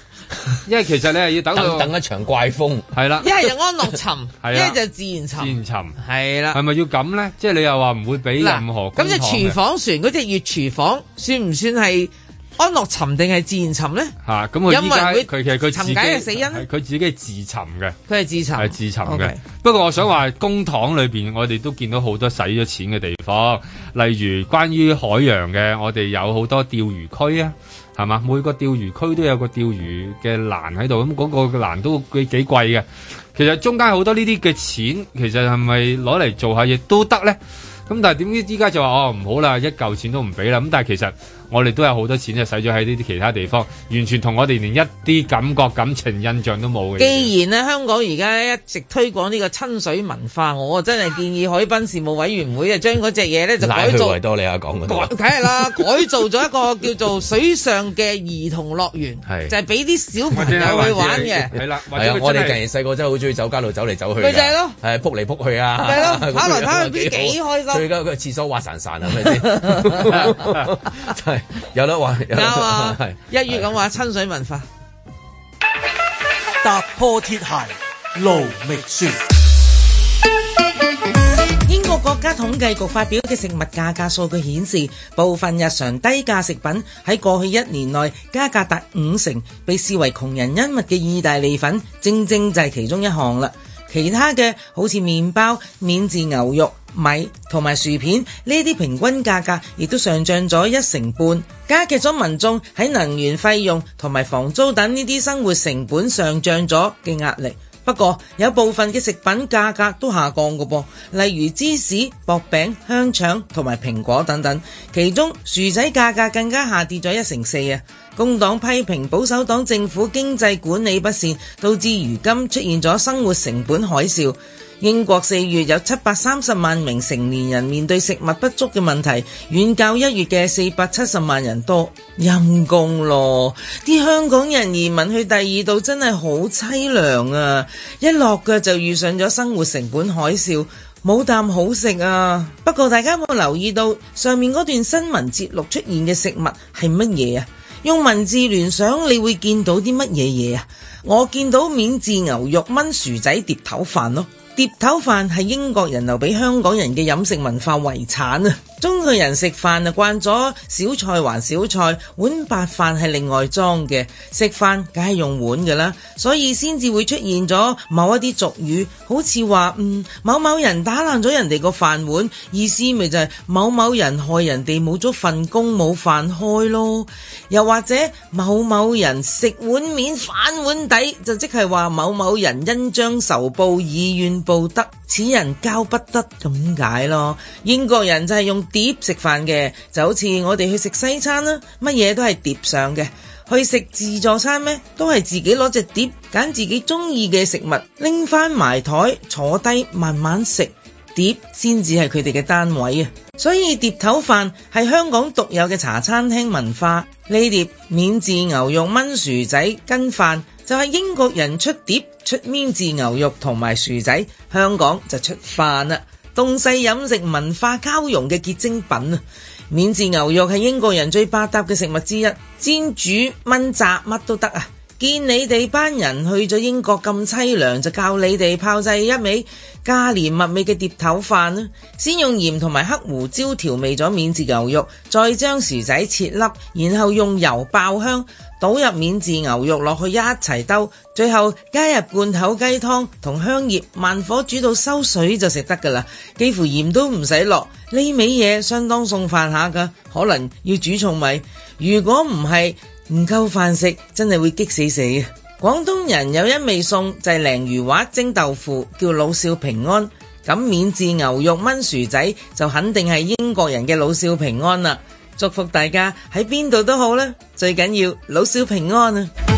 因為其實你係要等到等一場怪風，係啦，一係就安樂沉，係啊，一係就自然沉，自然沉，係啦，係咪要咁咧？即係你又話唔會俾任何咁即廚房船嗰隻月廚房算唔算係安樂沉定係自然沉咧？吓咁佢因為佢其實佢自己嘅死因，佢自己自沉嘅，佢係自沉係自沉嘅。不過我想話公帑裏邊，我哋都見到好多使咗錢嘅地方，例如關於海洋嘅，我哋有好多釣魚區啊。係嘛？每個釣魚區都有個釣魚嘅欄喺度，咁嗰個欄都幾幾貴嘅。其實中間好多呢啲嘅錢，其實係咪攞嚟做下嘢都得咧？咁但係點知，依家就話哦唔好啦，一嚿錢都唔俾啦。咁但係其實。我哋都有好多錢就使咗喺呢啲其他地方，完全同我哋連一啲感覺、感情、印象都冇嘅。既然呢香港而家一直推廣呢個親水文化，我真係建議海濱事務委員會啊，將嗰隻嘢咧就改造維多利亞港。改睇下啦，改造咗一個叫做水上嘅兒童樂園，係就係俾啲小朋友去玩嘅。係啦，我哋近年細個真係好中意走街路走嚟走去。咪就係咯，撲嚟撲去啊！係咯，跑嚟跑去幾開心？佢個廁所滑潺潺啊！係咪先？ <laughs> 有得玩，有得玩係一 <laughs> 月咁話，親水文化，踏 <music> 破鐵鞋路未絕。 <music> 英國國家統計局發表嘅食物價格數據顯示，部分日常低價食品喺過去一年內加價達五成，被視為窮人恩物嘅意大利粉，正正就係其中一項啦。其他嘅好似麵包、免治牛肉、米同埋薯片呢啲平均價格，亦都上漲咗一成半，加劇咗民眾喺能源費用同埋房租等呢啲生活成本上漲咗嘅壓力。不過有部分嘅食品價格都下降㗎噃，例如芝士、薄餅、香腸同埋蘋果等等，其中薯仔價格更加下跌咗一成四啊！工黨批評保守黨政府經濟管理不善，導致如今出現咗生活成本海嘯。英國四月有七百三十萬名成年人面對食物不足嘅問題，遠較一月嘅四百七十萬人多。陰公咯，啲香港人移民去第二度真係好凄涼啊！一落腳就遇上咗生活成本海嘯，冇啖好食啊！不過大家有冇留意到上面嗰段新聞節錄出現嘅食物係乜嘢啊？用文字聯想你會見到啲乜嘢嘢啊？我見到免治牛肉炆薯仔碟頭飯咯。碟頭飯係英國人留俾香港人嘅飲食文化遺產啊！中國人食飯就慣咗小菜還小菜，碗白飯係另外裝嘅。食飯梗係用碗嘅啦，所以先至會出現咗某一啲俗語，好似話，嗯，某某人打爛咗人哋個飯碗，意思咪就係某某人害人哋冇咗份工冇飯開咯。又或者某某人食碗面反碗底，就即係話某某人恩將仇報、以怨報德，此人交不得咁解咯。英國人就係用碟食飯嘅就好似我哋去食西餐啦，乜嘢都係碟上嘅。去食自助餐咩？都係自己攞隻碟揀自己中意嘅食物，拎翻埋台坐低慢慢食。碟先至係佢哋嘅單位啊！所以碟頭飯係香港獨有嘅茶餐廳文化。呢碟免治牛肉炆薯仔跟飯就係英國人出碟出免治牛肉同埋薯仔，香港就出飯啦。東西飲食文化交融嘅結晶品啊！免治牛肉係英國人最百搭嘅食物之一煎，煎煮炆炸乜都得啊！見你哋班人去咗英國咁淒涼，就教你哋炮製一味價廉物美嘅碟頭飯啦。先用鹽同埋黑胡椒調味咗免治牛肉，再將薯仔切粒，然後用油爆香。倒入免治牛肉落去一齊兜，最後加入罐頭雞湯同香葉，慢火煮到收水就食得噶啦。幾乎鹽都唔使落，呢味嘢相當送飯下噶，可能要煮重米。如果唔係唔夠飯食，真係會激死死。廣東人有一味餸就係、是、鯪魚滑蒸豆腐，叫老少平安。咁免治牛肉炆薯仔就肯定係英國人嘅老少平安啦。祝福大家喺邊度都好啦，最緊要老少平安啊！